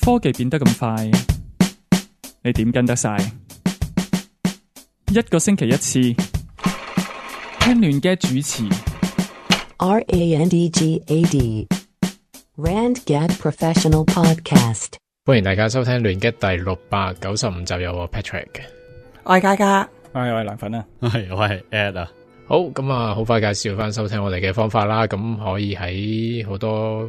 科技變得咁快，你點跟得晒？一個星期一次，聽亂 gad 主持。R A N D G A D Rand Gad Professional Podcast。歡迎大家收聽亂 gad 第六百九十五集，有我 Patrick。我係嘉嘉，我係蘭粉啊，我係我係 Ed 啊。好，咁啊，好快介紹翻收聽我哋嘅方法啦。咁可以喺好多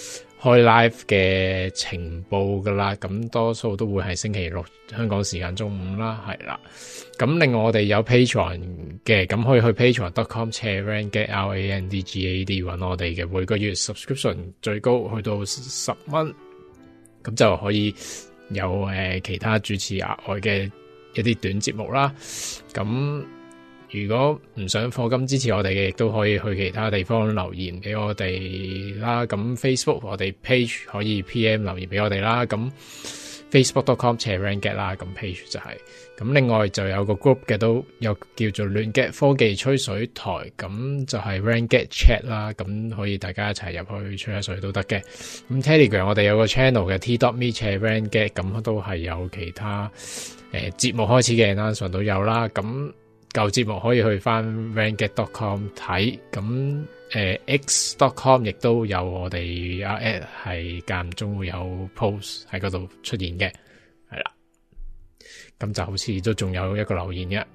開 live 嘅情報㗎啦，咁多數都會係星期六香港時間中午啦，係啦。咁另外我哋有 Patreon 嘅，咁可以去 patreon.com/chairmangetrandgad 搵我哋嘅，每個月 subscription 最高去到十蚊，咁就可以有誒其他主持額外嘅一啲短節目啦，咁。如果唔想課金支持我哋嘅，亦都可以去其他地方留言俾我哋啦。咁 Facebook 我哋 page 可以 PM 留言俾我哋啦。咁 facebook.com/chairranget 啦，咁 page 就係、是、咁。另外就有個 group 嘅，都有叫做亂 gad 科技吹水台，咁就係亂 gad chat 啦。咁可以大家一齊入去吹下水都得嘅。咁 Telegram 我哋有個 channel 嘅 t.me/chairranget 咁都係有其他誒節、呃、目開始嘅，當然都有啦。咁。舊節目可以去翻 rangad.com 睇，咁誒、呃、x.com 亦都有我哋阿 Ed 係間中會有 post 喺嗰度出現嘅，係啦。咁就好似都仲有一個留言嘅，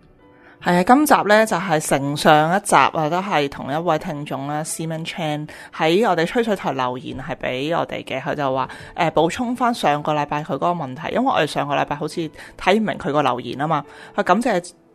係啊。今集咧就係、是、承上一集，或者係同一位聽眾啦 Simon Chan 喺我哋吹水台留言係俾我哋嘅，佢就話誒補充翻上個禮拜佢嗰個問題，因為我哋上個禮拜好似睇唔明佢個留言啊嘛，佢感謝。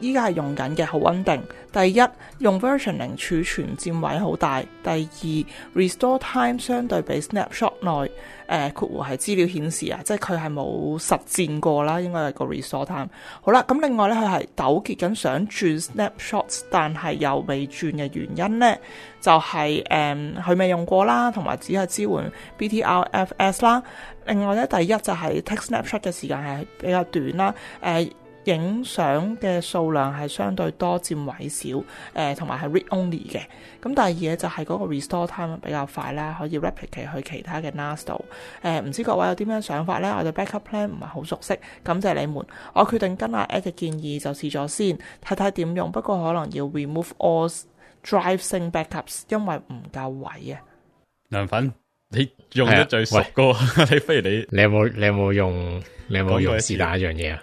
依家係用緊嘅好穩定。第一，用 version 零儲存佔位好大。第二，restore time 相對比 snapshot 內誒、呃、括弧係資料顯示啊，即係佢係冇實戰過啦，應該係個 restore time。好啦，咁另外咧，佢係糾結緊想轉 snapshots，但係又未轉嘅原因咧，就係誒佢未用過啦，同埋只係支援 BTRFS 啦。另外咧，第一就係 take snapshot 嘅時間係比較短啦，呃影相嘅數量係相對多佔位少，誒、呃，同埋係 read only 嘅。咁第二嘢就係嗰個 restore time 比較快啦，可以 replicate 去其他嘅 NAS 度。誒、呃，唔知各位有啲咩想法咧？我對 backup plan 唔係好熟悉，感謝你們。我決定跟阿 Ed 嘅建議，就試咗先，睇睇點用。不過可能要 remove all drive 性 backups，因為唔夠位啊。梁粉，你用咗最熟個、啊，喂 你不如你，你有冇你有冇用，你有冇用試第一樣嘢啊？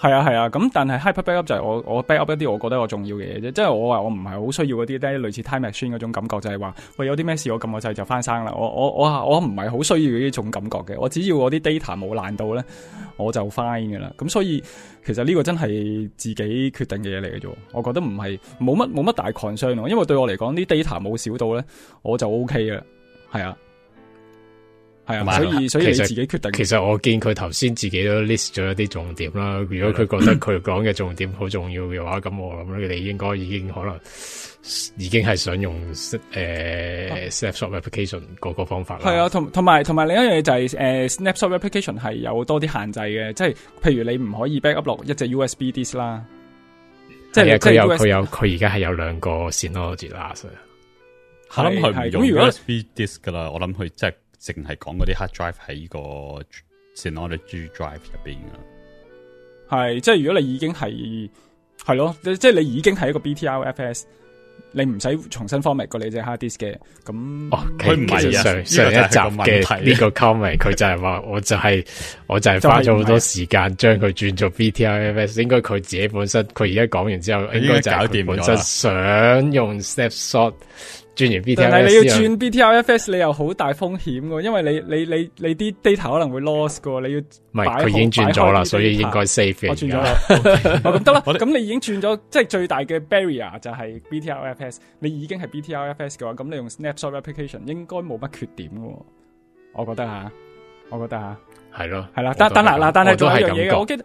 係啊，係啊，咁但係 hyper backup 就係我我 backup 一啲我覺得我重要嘅嘢啫，即係我話我唔係好需要嗰啲，咧類似 time machine 嗰種感覺就係話喂有啲咩事我撳個掣就翻生啦。我我我我唔係好需要呢種感覺嘅，我只要我啲 data 冇爛到咧，我就 fine 噶啦。咁所以其實呢個真係自己決定嘅嘢嚟嘅啫。我覺得唔係冇乜冇乜大 concern 咯，因為對我嚟講啲 data 冇少到咧，我就 ok 噶啦，係啊。係啊，所以所以你自己決定其。其實我見佢頭先自己都 list 咗一啲重點啦。如果佢覺得佢講嘅重點好重要嘅話，咁 我諗佢哋應該已經可能已經係想用 snapshot replication 嗰個方法啦。係啊，同同埋同埋另一樣嘢就係 snapshot replication 係有多啲限制嘅，即係譬如你唔可以 backup 落一隻 USB disk 啦。即係佢有佢而家係有兩個 Synology 啦，至拉上。我諗佢唔用 USB disk 噶啦，我諗佢即係。淨係講嗰啲 hard drive 喺呢個 Synology drive 入邊噶，係即係如果你已經係係咯，即係你已經係一個 BTRFS，你唔使重新 format 過你隻 hard disk 嘅，咁哦佢唔係上這上一集嘅呢個 comment，佢就係話我就係、是、 我就係花咗好多時間將佢轉做 BTRFS，應該佢自己本身佢而家講完之後應該就搞掂本身想用 step shot。完 BTRFS, 但係你要轉 BTRFS，你又好大風險噶，因為你你你你啲 data 可能會 lost 噶，你要唔係佢已經轉咗啦，data, 所以應該 safe 嘅。我轉咗啦，咁得啦，咁你已經轉咗，即係最大嘅 barrier 就係 BTRFS，你已經係 BTRFS 嘅話，咁你用 snapshot application 應該冇乜缺點噶，我覺得吓，我覺得吓，係咯，係啦，但但嗱嗱，但係做一樣嘢嘅，我記得。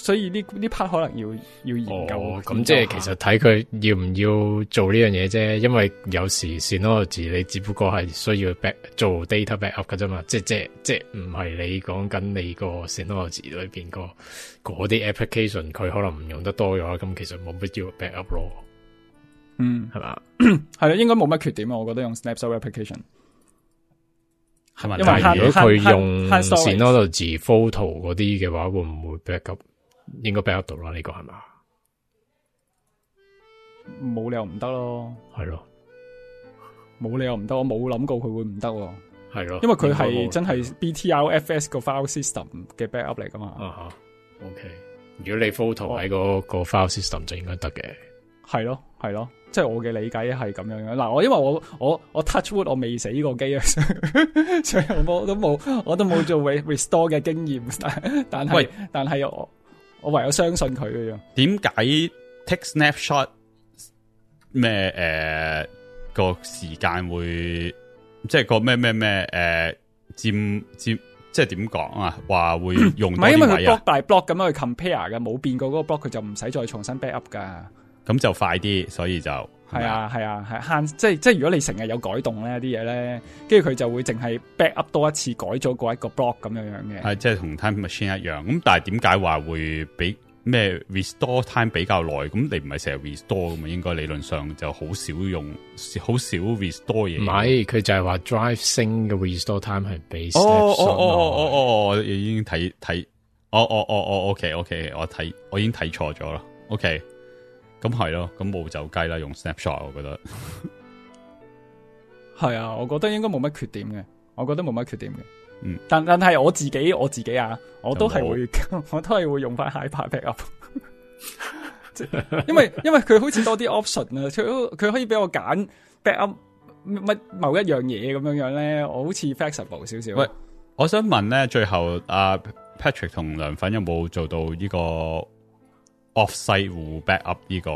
所以呢呢 part 可能要要研究，咁即係其實睇佢要唔要做呢樣嘢啫，因為有時 Synology 你只不過係需要 back 做 data back up 噶啫嘛，即即即唔係你講緊你個 Synology 裏邊個嗰啲 application 佢可能唔用得多咗，咁其實冇必要 back up 咯，嗯，係嘛，係啦， 應該冇乜缺點啊，我覺得用 snapso application 係咪？因為但係如果佢用 Synology photo 嗰啲嘅話，會唔會 back up？應該 backup 到啦，呢、這個係嘛？冇理由唔得咯。係咯，冇理由唔得，我冇諗過佢會唔得喎。係咯，因為佢係真係 BTRFS 個 file system 嘅 backup 嚟噶嘛、uh-huh, okay。OK 如果你 photo 喺嗰個 file system 就應該得嘅。係咯，係咯，即、就、係、是、我嘅理解係咁樣樣。嗱，我因為我我我 touch wood，我未死過機啊，所以我都冇我都冇做 restore 嘅經驗， 但係但係我。我唯有相信佢嘅樣。點解 take snapshot 咩？誒、呃，個時間會即係個咩咩咩？誒、呃，占占即係點講啊？話會用到唔係、啊、因為 block 大 block 咁樣去 compare 嘅，冇變過嗰個 block，佢就唔使再重新 backup 噶。咁就快啲，所以就係啊，係啊，係慳、啊，即係即係，如果你成日有改動咧，啲嘢咧，跟住佢就會淨係 backup 多一次，改咗嗰一個 block 咁樣樣嘅。係即係同 time machine 一樣，咁但係點解話會比咩 restore time 比較耐？咁你唔係成日 restore 㗎嘛？應該理論上就好少用，好少 restore 嘢。唔係，佢就係話 drive 升嘅 restore time 係 base、哦。哦哦哦哦哦，已經睇睇，哦哦哦哦 OK OK，我睇，我已經睇錯咗啦，OK。咁係咯，咁冇走雞啦，用 snapshot 我覺得係 啊，我覺得應該冇乜缺點嘅，我覺得冇乜缺點嘅，嗯，但但係我自己我自己啊，我都係會， 我都係會用返 iPad back up， 因為因為佢好似多啲 option 啊， 佢可以俾我揀 back up 乜某，某一樣嘢咁樣樣咧，我好似 flexible 少少。喂，我想問咧，最後阿、啊、Patrick 同梁粉有冇做到呢、這個？offsite backup 呢個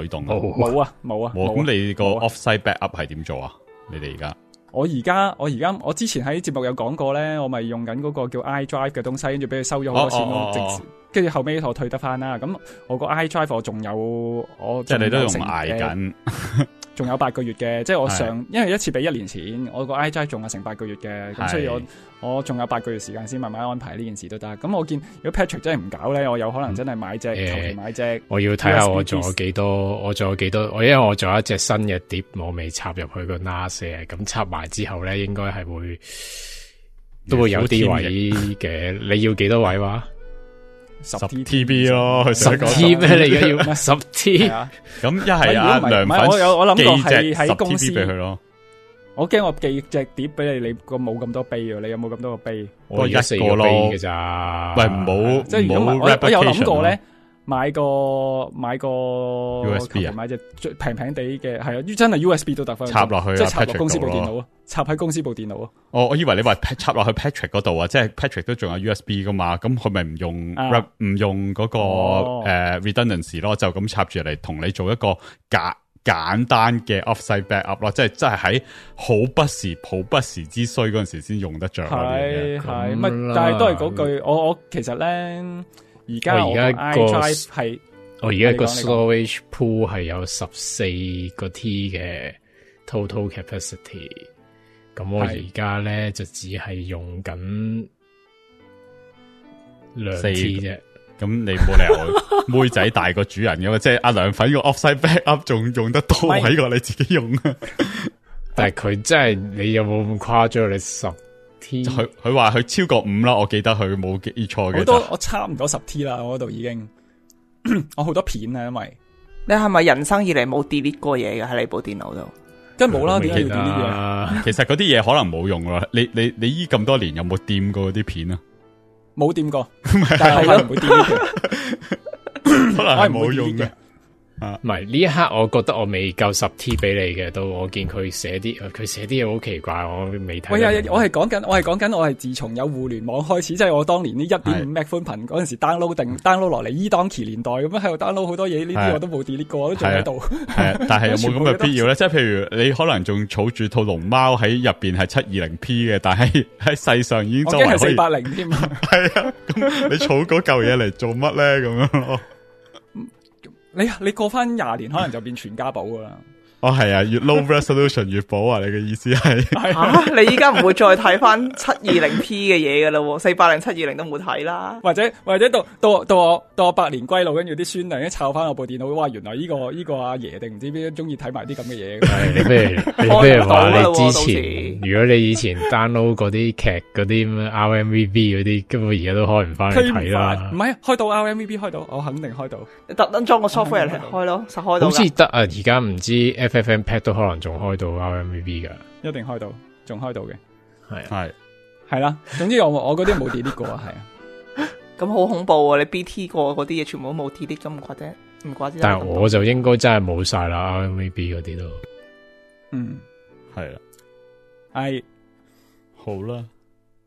舉動冇啊冇啊。咁你個 offsite backup 係點做啊？啊你哋而家我而家我而家我之前喺節目有講過咧，我咪用緊嗰個叫 iDrive 嘅東西，跟住俾佢收咗好多錢，跟、哦、住、哦哦、後尾我退得翻啦。咁我個 iDrive 我仲有我有即係你都用挨緊。 仲有八個月嘅，即係我上，因為一次俾一年錢，我個 I J 仲有成八個月嘅，咁所以我我仲有八個月時間先慢慢安排呢件事都得。咁我見如果 Patrick 真係唔搞咧，我有可能真係買隻，嗯呃、買隻、呃。我要睇下我仲有幾多，PS，我有多，我仲有幾多，我因為我仲有一隻新嘅碟，我未插入去個 NAS，咁插埋之後咧，應該係會都會有啲位嘅。 你要幾多位話？十 T T B 咯，十 T 咩你、 啊、要十 T 咁一係，如果唔係，我有我諗過係喺公司俾佢咯。我驚我寄隻碟俾你，你個冇咁多碑啊！你有冇咁多個碑？我而家四個碑嘅咋？喂，唔好即係如果我有諗過咧。買個買個，U S B 啊，買隻最平平地嘅係啊，真係 U S B 都得返插落去，即係插落公司部電腦啊，Patrick、插喺公司部電腦啊。我、哦哦、我以為你話插落去 Patrick 嗰度 啊，即係 Patrick 都仲有 U S B 噶嘛，咁佢咪唔用唔用嗰個誒 redundancy 咯，就咁插住嚟同你做一個簡簡單嘅 offsite backup 咯，即係即係喺好不時好不時之需嗰陣時先用得着、啊。係係，乜？但係都係嗰句，我我其實咧。我我那個、is, capacity, 而家我而家個係我而家個 storage pool 係有十四個 T 嘅 total capacity，咁我而家咧就只係用緊兩 T 啫，咁你冇理由，妹仔大過主人噶嘛？即係阿梁粉個 offsite backup 仲用得多喺過你自己用啊！ 但係佢真係你有冇咁誇張你十。講？佢佢話佢超過五啦，我記得佢冇記錯嘅。好多我差唔多十 T 啦，我嗰度已經，我好多片啊，因為你係咪人生以嚟，冇 delete 過嘢嘅，喺你部電腦度？即係冇啦，點解 delete 嘅？其實嗰啲嘢，可能冇用啦。你你你依咁多年有冇掂過啲片啊？冇掂過， 但係可能會掂， 可能係冇用嘅。唔係呢一刻，我覺得我未夠十 T 俾你嘅，到我見佢寫啲，佢寫啲嘢好奇怪，我未睇。我係我講緊，我係講緊，我係自從有互聯網開始，即係我當年呢一點五 M 寬頻嗰陣時 download 定 download 落嚟，eDonkey 年代咁樣喺度 download 好多嘢，呢啲我都冇 delete 過，我都仲喺度。但係有冇咁嘅必要咧？即係譬如你可能仲儲住套龍貓喺入邊係七二零 P 嘅，但係喺世上已經做四八零添。係 啊，咁你儲嗰嚿嘢嚟做乜咧？咁樣。你你過翻廿年，可能就變全家寶㗎喇。 哦，係啊，越 low resolution 越保啊！你嘅意思係、啊、 你依家唔會再睇翻七二零 P 嘅嘢噶啦？四八零七二零都冇睇啦。或者或者到到到我到我百年歸老，跟住啲孫娘一抄翻我部電腦，哇！原來呢、這個依、這個阿爺定唔知邊都中意睇埋啲咁嘅嘢。 你譬如你譬如話你之前， 如果你以前 download 嗰啲劇嗰啲 RMVB 嗰啲，根本而家都開唔翻嚟睇啦。唔 係，開到 RMVB 開到，我肯定開到。特登裝個 software 嚟、啊、開咯，實開到。好似得啊，而家唔知道。F，F，P 都可能仲開到 R，M，V，B 噶，一定開到，仲開到嘅，係係係啦。總之我我嗰啲冇 delete 過啊，係 啊是的，咁 好恐怖啊！你 B，T 過嗰啲嘢，全部都冇 delete 咁，唔怪得，唔怪得。但係我就應該真係冇晒啦，R，M，V，B 嗰啲都，嗯，係啦，I 好啦，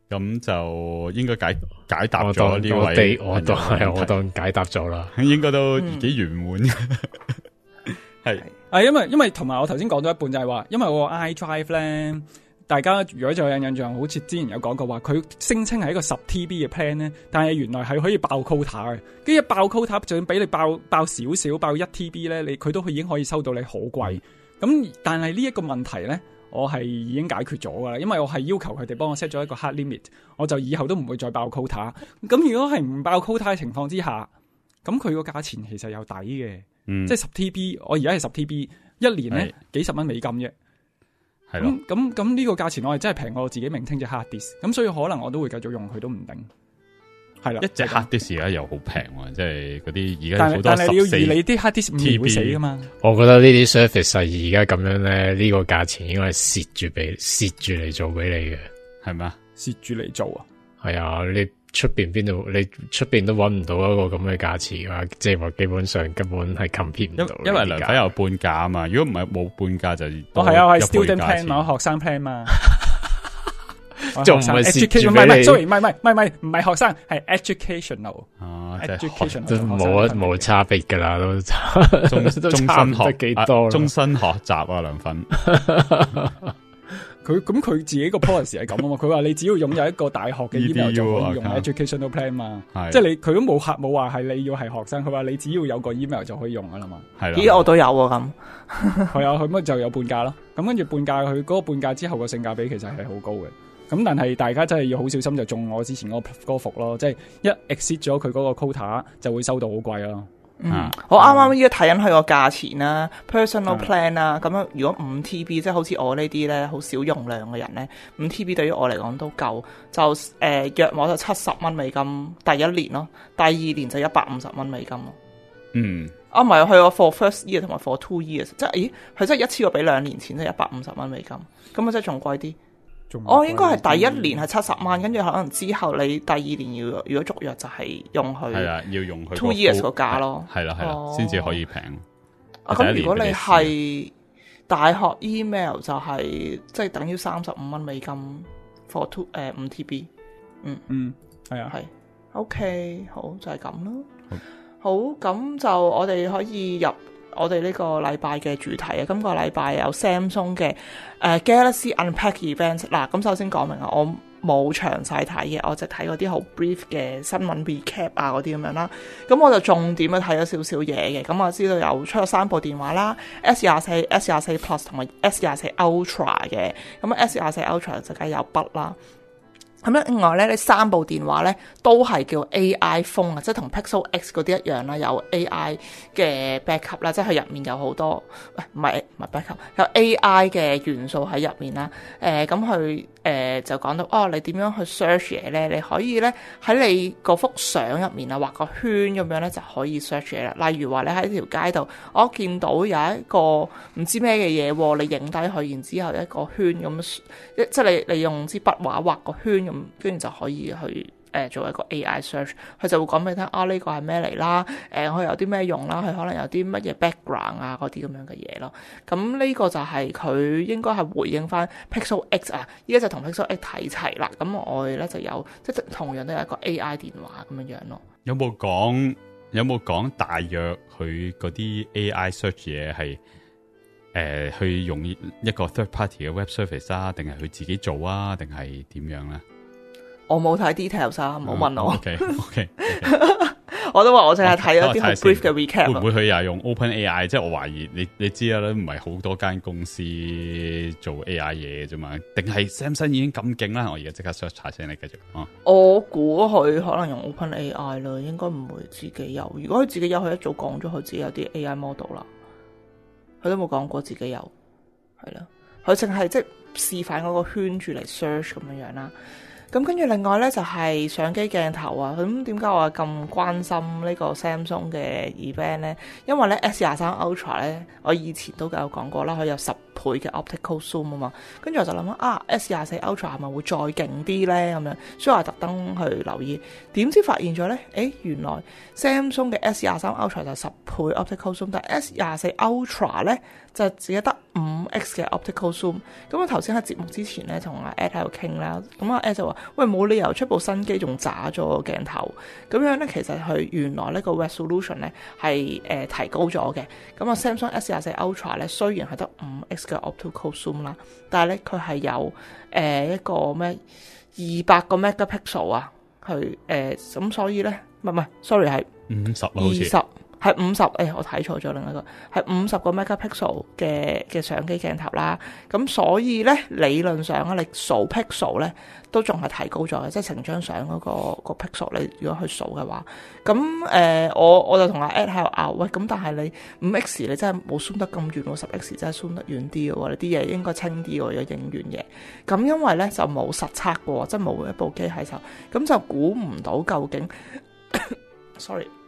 咁就應該解解答咗呢位，我當係我，我，我當解答咗啦，嗯，應該都幾圓滿嘅，係。 因為因為同埋我頭先講到一半就係話，因為我 iDrive 咧，大家如果再有印象，好似之前有講過話，佢聲稱係一個十 TB 嘅 plan 咧，但係原來係可以爆 quota 嘅，跟住爆 quota 就算俾你爆爆少少，爆一 TB 咧，你佢都已經可以收到你好貴。咁但係呢一個問題咧，我係已經解決咗噶啦，因為我係要求佢哋幫我 set 咗一個 hard limit，我就以後都唔會再爆 quota。咁如果係唔爆 quota 嘅情況之下，咁佢個價錢其實有抵嘅。嗯、即係十 TB，我而家係十 TB，一年咧幾十蚊美金啫，係咯，咁咁呢個價錢我係真係平，我自己名聽隻 Hard Disk，咁所以可能我都會繼續用它都不，佢都唔定，係啦，一隻 Hard Disk 而家又好平，即係嗰啲而家但好多十四 TB，你啲 Hard Disk 會死㗎嘛？我覺得這些現在這呢啲 service 而家咁樣咧呢個價錢應該係蝕住俾蝕住嚟做俾你嘅，係咪啊？蝕住嚟做啊？係、哎、啊，你。出邊邊度你出邊都揾唔到一個咁嘅價錢嘅，即係話基本上根本係 compete 唔到。因因為梁粉有半價啊嘛、嗯，如果唔係冇半價就多半價哦，係啊，係 student plan 學生 plan 嘛，仲唔係 HK？唔係唔係 y 唔係唔係唔係唔係學生，係 educational 啊、就是，educational 冇一冇差別噶啦，都終身學幾多，終身 學習啊，兩、啊、 兩分。 佢咁佢自己個 policy 係咁啊嘛。佢 話你只要擁有一個大學嘅 email 就可以用 educational plan 嘛。啊、即係你佢都冇客冇話係你要係學生，佢話你只要有個 email 就可以用噶啦嘛。係啦。咦？我都有喎，咁係啊，佢咪 就有半價咯。咁跟住半價佢嗰個半價之後個性價比其實係好高嘅。咁但係大家真係要好小心就中我之前嗰個嗰服咯，即、就、係、是、一 exit 咗佢嗰個 quota 就會收到好貴咯。嗯，啊、我啱啱依家睇緊佢個價錢啦、啊啊、，personal plan 啦、啊，咁、啊、樣，如果五 TB 即係好似我呢啲咧，好少用量嘅人咧，五 TB 對於我嚟講都夠，就誒、呃、約我就七十蚊美金第一年咯、喔，第二年就一百五十蚊美金咯、喔。嗯，啊唔係去個 for first year 同埋 for two years 即係咦，佢真係一次過俾兩年錢即係一百五十蚊美金，咁啊真係仲貴啲。哦，應該係第一年係七十萬，跟、嗯、住可能之後你第二年要如果續約就係用佢。係啊，要用佢 two years 個價咯。係啦，係、哦、啦，先至可以平。咁、哦啊、如果你係大學 email 就係即係等於三十五蚊美金 for two 誒、呃、五 TB、嗯。嗯嗯，係啊，係。OK，好就係咁咯。好，咁就我哋可以入。我哋呢個禮拜嘅主題啊，今個禮拜有 Samsung 嘅 Galaxy Unpacked Event 嗱，咁首先講明啊，我冇詳細睇嘅，我就睇嗰啲好 brief 嘅新聞 recap 啊嗰啲咁樣啦，咁我就重點去睇咗少少嘢嘅，咁我知道有出咗三部電話啦，S 廿四、S 廿四 Plus 同埋 S 廿四 Ultra 嘅，咁啊 S 廿四 Ultra 就梗係有筆啦。咁咧，另外咧，呢三部電話咧都係叫 A.I. phone 啊，即係同 Pixel X 嗰啲一樣啦，有 A.I. 嘅 back up 啦，即係佢入面有好多，喂，唔係唔係 back up，有 A.I. 嘅元素喺入面啦。誒咁佢誒就講到，哦，你點樣去 search 嘢咧？你可以咧喺你個幅相入面啊，畫個圈咁樣咧就可以 search 嘢啦。例如話你喺條街度，我見到有一個唔知咩嘅嘢喎，你影低佢，然之後一個圈咁樣，即係你你用支筆畫畫畫個圈咁。跟、嗯、住就可以去誒、呃，做一個 AI search，佢就會講俾你聽啊，呢、這個係咩嚟啦，誒、呃，可以有啲咩用啦？佢可能有啲乜嘢 background 啊，嗰啲咁樣嘅嘢咯。咁、嗯、呢、這個就係佢應該係回應翻 Pixel X 啊，依家就同 Pixel X 睇齊啦。咁、嗯、我哋咧就有即同樣都有一個 AI 電話咁樣樣咯。有冇講有冇講大約佢嗰啲 AI search 嘢係誒去用一個 third party 嘅 web service 啊，定係佢自己做啊，定係點樣咧？我冇睇 details 啊！唔好問我，嗯、okay, okay, okay. 我都話我淨係睇咗啲 brief 嘅 recap。會唔會佢又用 Open AI？即係我懷疑你你知啦，唔係好多間公司做 AI 嘢啫嘛？定係 Samsung 已經咁勁啦？我而家即刻 search 查先，你繼續。我估佢可能用 Open AI 啦，應該唔會自己有。如果佢自己有，佢一早講咗佢自己有啲 AI model 啦。佢都冇講過自己有，係啦。佢淨係即係示範嗰個圈住嚟 search 咁樣樣啦。咁跟住另外咧就係相機鏡頭啊，咁點解我咁關心呢個 Samsung 嘅 event 咧？因為咧 S 廿三 Ultra 咧，我以前都有講過啦，佢有十。倍嘅 optical zoom 啊嘛，跟住我就諗啊，S 廿四 Ultra 係咪會再勁啲咧？咁樣，所以我特登去留意，點知發現咗咧？誒，原來 Samsung 嘅 S 廿三 Ultra 就十倍 optical zoom，但 S 廿四 Ultra 咧就只係得五 x 嘅 optical zoom。咁我頭先喺節目之前咧，同阿 Ed 喺度傾啦，咁阿 Ed 就話，喂，冇理由出部新機仲渣咗個鏡頭，咁樣咧，其實佢原來呢個 resolution 咧係誒提高咗嘅。咁啊，Samsung S 廿四 Ultra 咧雖然係得五 x。嘅 optical zoom 啦，但係咧佢係有誒、呃、一個咩二百個 megapixel 啊，去誒咁所以咧唔係唔係，sorry 係五十啊好似。係五十，哎，我睇錯咗另一個，係五十個 megapixel 嘅嘅相機鏡頭啦。咁所以咧，理論上你數 pixel 咧都仲係提高咗嘅，即係成張相嗰個、嗰個 pixel，你如果去數嘅話。咁誒、呃，我我就同阿 Ed 喺度拗，喂，咁但係你五 X 你真係冇鬆得咁遠，十 X 真係鬆得遠啲喎，你啲嘢應該清啲喎。有影遠嘅。咁因為咧就冇實測過，即係冇一部機喺手，咁就估唔到究竟。 sorry。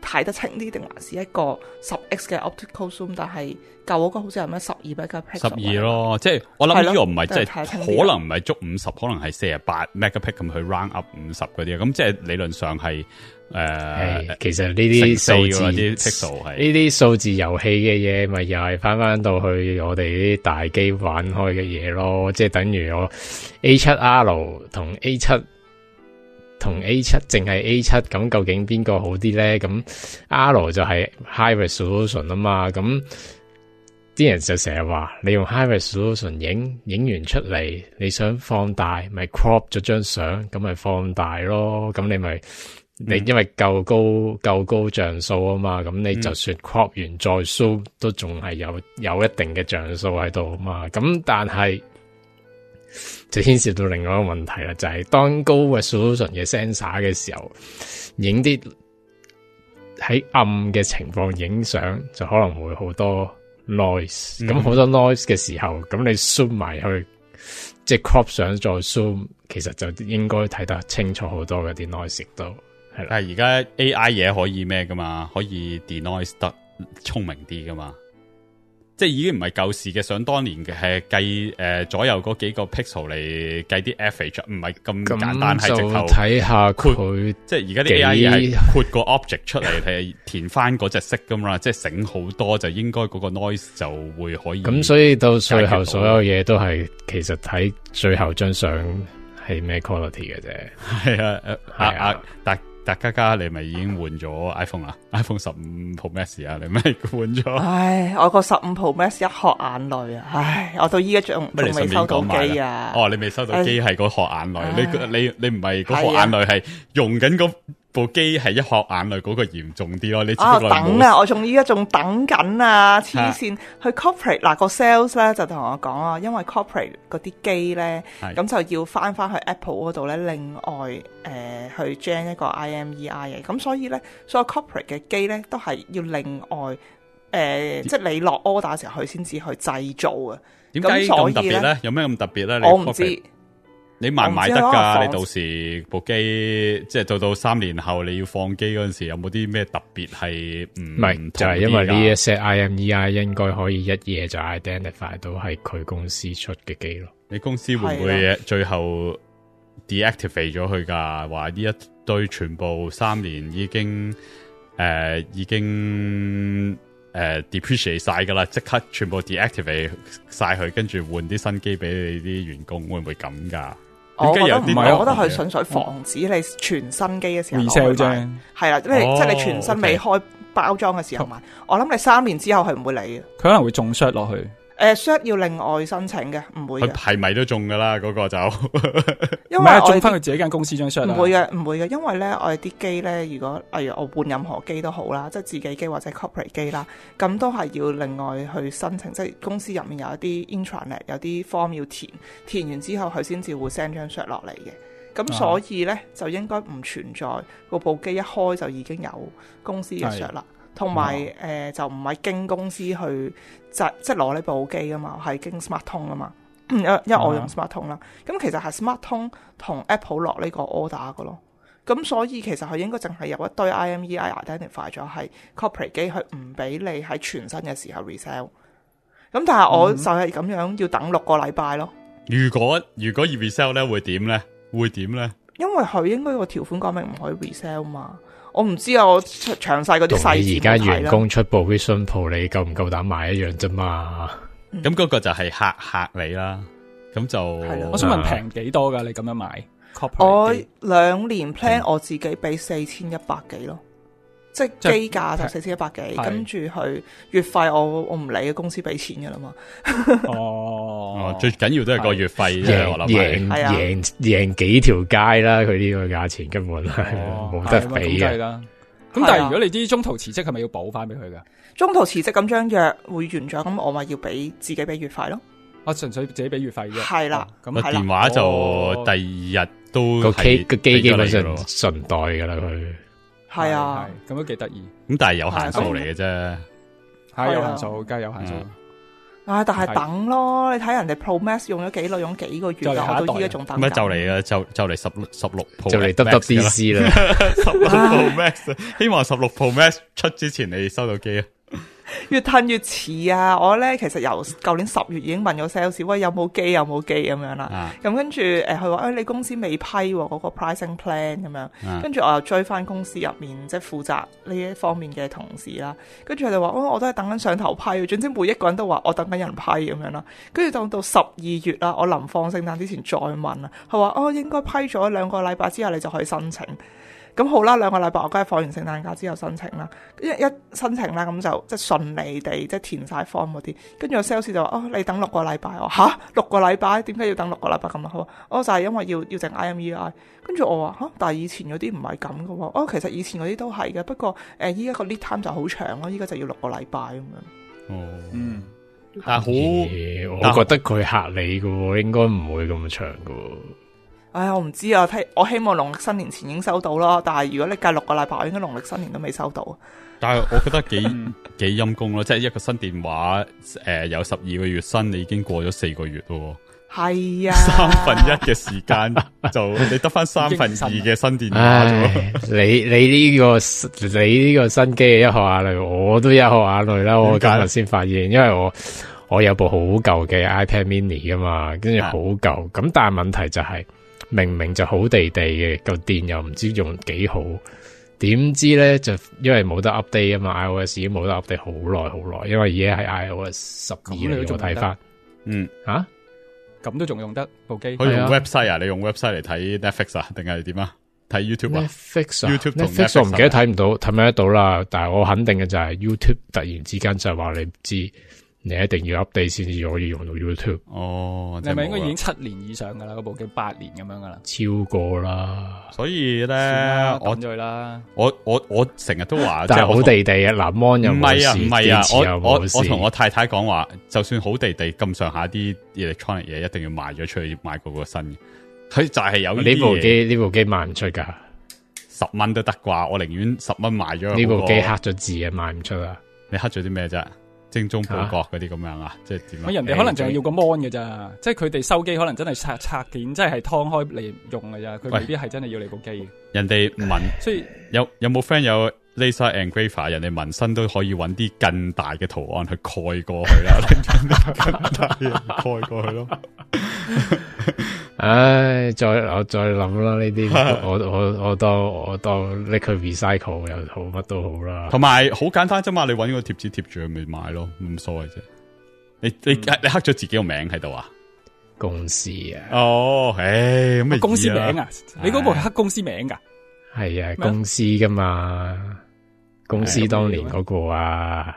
睇得清呢定還是一個十 X 嘅 Optical Zoom，但係舊嗰個好似係咩十二 Megapixel 十二咯，即係我諗呢個唔係即係可能唔係足五十，可能係四十八 Megapixel 咁去 round up 五十嗰啲，咁即係理論上係，誒，其實呢啲數字呢啲數字遊戲嘅嘢，咪又係翻翻到去我哋啲大機玩開嘅嘢咯，即係等於我 A 七 R 同 A 七。同 A 7淨係 A 7，咁究竟邊個好啲咧？咁 R 就係 High Resolution 啊嘛，咁啲人就成日話你用 High Resolution 影影完出嚟，你想放大咪 crop 咗張相，咁咪放大咯。咁你咪你因為夠高夠、嗯、高像素啊嘛，咁你就算 crop 完再 zoom 都仲係有有一定嘅像素喺度啊嘛。咁但係。就牽涉到另外一個問題啦，就係、是、當高 resolution 嘅 sensor 嘅時候，影啲喺暗嘅情況影相，就可能會好多 noise。咁、嗯、好多 noise 嘅時候，咁你 zoom 埋去，即、就、係、是、crop 上再 zoom，其實就應該睇得清楚好多嘅啲 noise 都係啦。而家 AI 嘢可以咩噶嘛？可以 denoise 得聰明啲噶嘛？即係已經唔係舊時嘅，想當年嘅係計誒、呃、左右嗰幾個 pixel 嚟計啲 average，唔係咁簡單係直頭。咁就睇下括，即係而家啲 AI 係括個 object 出嚟，係 填翻嗰隻色㗎嘛，即係醒好多，就應該嗰個 noise 就會可以。咁所以到最後所有嘢都係其實睇最後張相係咩 quality 嘅啫。係 啊，係啊， 啊啊大家家你咪已經換咗 iPhone 啊 i p h o n e 十五 Pro Max 啊，你咪換咗？唉，我個十五 Pro Max 一學眼淚啊，唉，我到依家仲未收到機啊。哦，你未收到機係個學眼淚，你你你唔係嗰學眼淚係用緊個。部機係一殼眼淚嗰個嚴重啲咯，你知唔知？我等啊，我仲依家仲等緊啊，黐線。去 corporate 嗱、啊嗰個 sales 咧就同我講啊，因為 corporate 嗰啲機咧，咁就要翻翻去 Apple 嗰度咧，另外誒、呃、去 gen 一個 IMEI 嘅。咁所以咧，所有 corporate 嘅機咧都係要另外誒、呃，即係你落 order 時候去，佢先至去製造啊。點解咁特別咧？有咩咁特別咧？你我唔知。你買唔買得噶，你到時部機即係到到三年後，你要放機嗰陣時，有冇啲咩特別係唔明就係、是、因為呢 set I M E I 應該可以一夜就 identify 到係佢公司出嘅機咯。你公司會唔會最後 deactivate 咗佢噶？話呢一堆全部三年已經誒、呃、已經誒 depreciate 晒噶啦，即、呃、刻、嗯、全部 deactivate 晒佢，跟住換啲新機俾你啲員工，會唔會咁噶？我覺得唔係，我覺得佢純粹防止你全新機嘅時候買。係啦、嗯，因為即係你全新未開包裝嘅時候買，okay. 我諗你三年之後係唔會理嘅。佢可能會仲 shut 落去。誒、呃、share 要另外申請嘅，唔會。係咪都中噶啦？嗰、那個就， 因為我中翻去自己間公司張 share 唔會嘅，唔會嘅，因為咧我哋啲機咧，如果例如、哎、我換任何機都好啦，即係自己機或者 corporate 機啦，咁都係要另外去申請， 即係公司入面有一啲 intranet，有啲 form 要填，填完之後佢先至會 send 張 share 落嚟嘅。咁所以咧、啊、就應該唔存在個部機一開就已經有公司嘅 share 啦。同埋誒就唔係經公司去即即攞呢部機啊嘛，係經 Smart 通啊嘛，因因為我用 Smart 通啦。咁、哦、其實係 Smart 通同 Apple 落呢個 order 㗎咯。咁所以其實佢應該淨係有一堆 IMEI identify 咗，係 Corporate 機佢唔俾你喺全新嘅時候 resell。咁但係我就係咁樣、嗯、要等六個禮拜咯。如果如果要 resell 咧，會點咧？會點咧？因為佢應該個條款講明唔可以 resell 嘛。我唔知啊，我詳細嗰啲細節。你而家員工出部 Vision Pro，嗯、你夠唔夠膽買一樣啫嘛？咁嗰個就係吓吓你啦。咁就，我想問平幾多噶？你咁樣買？我兩年 plan 我自己俾四千一百幾咯。即係機價就四千一百幾，跟住佢月費我我唔理，公司俾錢噶啦嘛。哦，最緊要都係一個月費啫，我諗贏贏贏贏幾條街啦！佢呢個價錢根本係冇得比嘅。咁真係啦。咁但係如果你啲中途辭職，係咪要補翻俾佢噶？中途辭職，咁張約會完咗，咁我咪要俾自己俾月費咯。我純粹自己俾月費啫。係啦，咁電話就第二日都個機個機基本上順帶噶啦佢。係啊，咁都幾得意，咁但係有限數嚟嘅啫，係有限數，梗有限數。唉，但係等咯，你睇人哋 Pro Max 用咗幾耐，用幾個月啦，到依家仲等。咪就嚟啦，就就嚟十六十六，就嚟得得 DC 啦，十六 Pro Max。希望十六 Pro Max 出之前你收到機啊！越褪越遲啊！我呢其實由舊年十月已經問咗 sales，喂有冇機有冇機咁樣啦。咁、啊、跟住誒佢話誒你公司未批喎嗰、那個 pricing plan 咁樣。啊、跟住我又追翻公司入面即係負責呢一方面嘅同事啦。跟住佢哋話哦，我都係等緊上頭批。總之每一個人都話我等緊人批咁樣啦。跟住當到十二月啦，我臨放聖誕之前再問啊，佢話哦，應該批咗兩個禮拜之後你就去申請。咁好啦，兩個禮拜我梗係放完聖誕假之後申請啦，一申請啦咁就即係順利地即係、就是、填晒 form 嗰啲，跟住個 sales 就話：哦，你等六個禮拜。我嚇、啊、六個禮拜，點解要等六個禮拜咁啊？好，哦，就係因為要要整 IMEI，跟住我話嚇、啊。但係以前嗰啲唔係咁嘅喎，哦，其實以前嗰啲都係嘅，不過誒，依家個 lead time 就好長咯，依家就要六個禮拜咁樣。哦、嗯，嗯，但係好，嗯、好，我覺得佢嚇你嘅喎，應該唔會咁長嘅喎。唉，我唔知啊。我希望農曆新年前已經收到啦，但係如果你計六個禮拜，我應該農曆新年都未收到。但係我覺得幾幾陰功咯，即係一個新電話，誒、呃，有十二個月新，你已經過咗四個月咯。係啊，三分一嘅時間就 你得返三分二嘅新電話。 唉，你你呢、這個你呢個新機一殼眼淚，我都一殼眼淚啦。我隔頭先發現，因為我我有部好舊嘅 iPad Mini 噶嘛，跟住好舊咁，但係問題就係、是。明明就好地地嘅，個電又唔知用幾好，點知咧就因為冇得 update 啊嘛，iOS 已經冇得 update 好耐好耐，因為而家喺 iOS 十二，咁你仲睇翻，嗯吓？咁、啊、都仲用得部機，可以用 website 啊，啊，你用 website 嚟睇 Netflix 啊，定係點啊，睇、啊、YouTube Netflix 啊，Netflix，YouTube 同 Netflix，唔記得睇唔到睇唔睇得到啦、啊，但係我肯定嘅就係 YouTube 突然之間就話你唔知。你一定要 update 先至可以用到 YouTube 哦。你係咪應該已經七年以上噶啦？嗰部機八年咁樣噶啦，超過啦。所以咧，我醉啦。我我我成日都話，就係好地地啊，藍芒又唔係啊，唔係啊。又我我我同我太太講話，就算好地地咁上下啲嘢，electronic 嘢一定要賣咗出去買個賣出賣，買過個新。佢就係有呢部機，呢部機賣唔出噶，十蚊都得啩。我寧願十蚊賣咗。呢部機黑咗字啊，賣唔出啊。你黑咗啲咩啫？精忠報國嗰啲咁樣啊，即係點？咁人哋可能就係要個 mon 嘅咋，即係佢哋收機可能真係拆拆件真是，真係劏開嚟用噶咋，佢未必係真係要你部機人哋紋，所以有有冇 friend 有 laser engraver？人哋紋身都可以揾啲更大嘅圖案去蓋過去啦， 更大更大嘅蓋過去咯。 唉，再我再諗啦。呢啲 我我我，我當我當拎佢 recycle 又好，乜都好啦。同埋好簡單啫嘛，你搵個貼紙貼住咪買咯，唔所謂啫。你你、嗯、你刻咗自己個名喺度啊？公司啊？哦，唉、哎、咁、啊、公司名啊？你嗰個係刻公司名噶？係啊，啊，公司噶嘛？公司當年嗰個啊？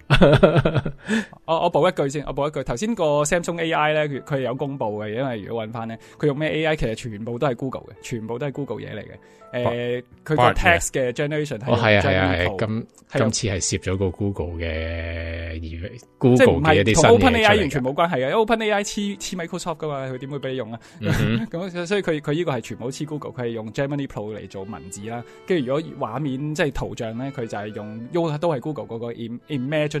我我補一句先，我補一句，頭先個 Samsung AI 咧，佢佢有公布嘅，因為如果揾翻咧，佢用咩 AI，其實全部都係 Google 嘅，全部都係 Google 嘢嚟嘅。誒、呃，佢個 text 嘅 generation 係 Gemini Pro 係啊係啊咁今次係攝咗個 Google 嘅而 Google 嘅啲新嘢同 Open AI 完全冇關係嘅，因為 Open AI 黐 Microsoft 噶嘛，佢點會俾你用啊？咁、mm -hmm. 所以佢佢呢個係全部黐 Google，佢係用 Gemini Pro 嚟做文字啦，跟住如果畫面即係圖像咧，佢就係用都係 Google 嗰個 Image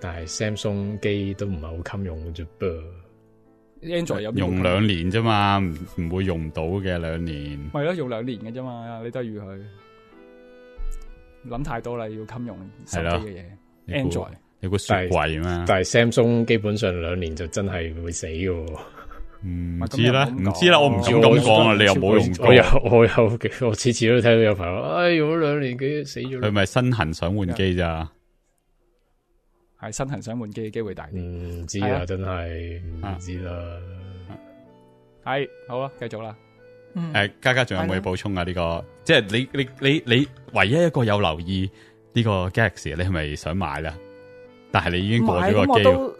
但係 Samsung 機都唔係好襟用嘅啫，Android 用兩年啫嘛，唔會用到嘅兩年。係咯，用兩年嘅啫嘛，你都要去諗太多啦，要襟用手機嘅嘢。Android 有個雪櫃嘛，但係 Samsung 基本上兩年就真係會死嘅。唔知啦，唔知啦，我唔知咁講啦，你又冇用到，我有我有我次次都聽到有朋友，哎呀，用咗兩年幾死咗。佢咪身痕想換機咋？係新行想換機嘅機會大啲，唔知啦，真係唔知啦。係好啦，繼續啦。嗯，誒，家家仲有冇嘢補充啊？呢、這個即係你你你你，你你你唯一一個有留意呢個 Galaxy 你係咪想買啦？但係你已經過咗個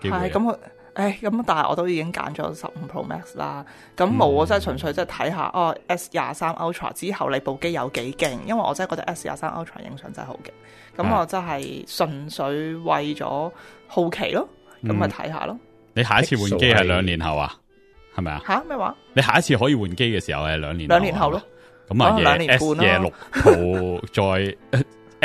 機會啦，係咁。誒、哎，咁但係我都已經揀咗十五 Pro Max 啦，咁冇、嗯、我真係純粹即係睇下哦 S 廿三 Ultra 之後你部機有幾勁，因為我真係覺得 S 廿三 Ultra 影相真係好勁，咁我真係純粹為咗好奇咯，咁咪睇下咯。你下一次換機係兩年後啊？係咪啊？吓咩話？你下一次可以換機嘅時候係兩年兩年後咯，咁啊兩年半囉、夜夜六號再。 S26 Ultra 出場嗰時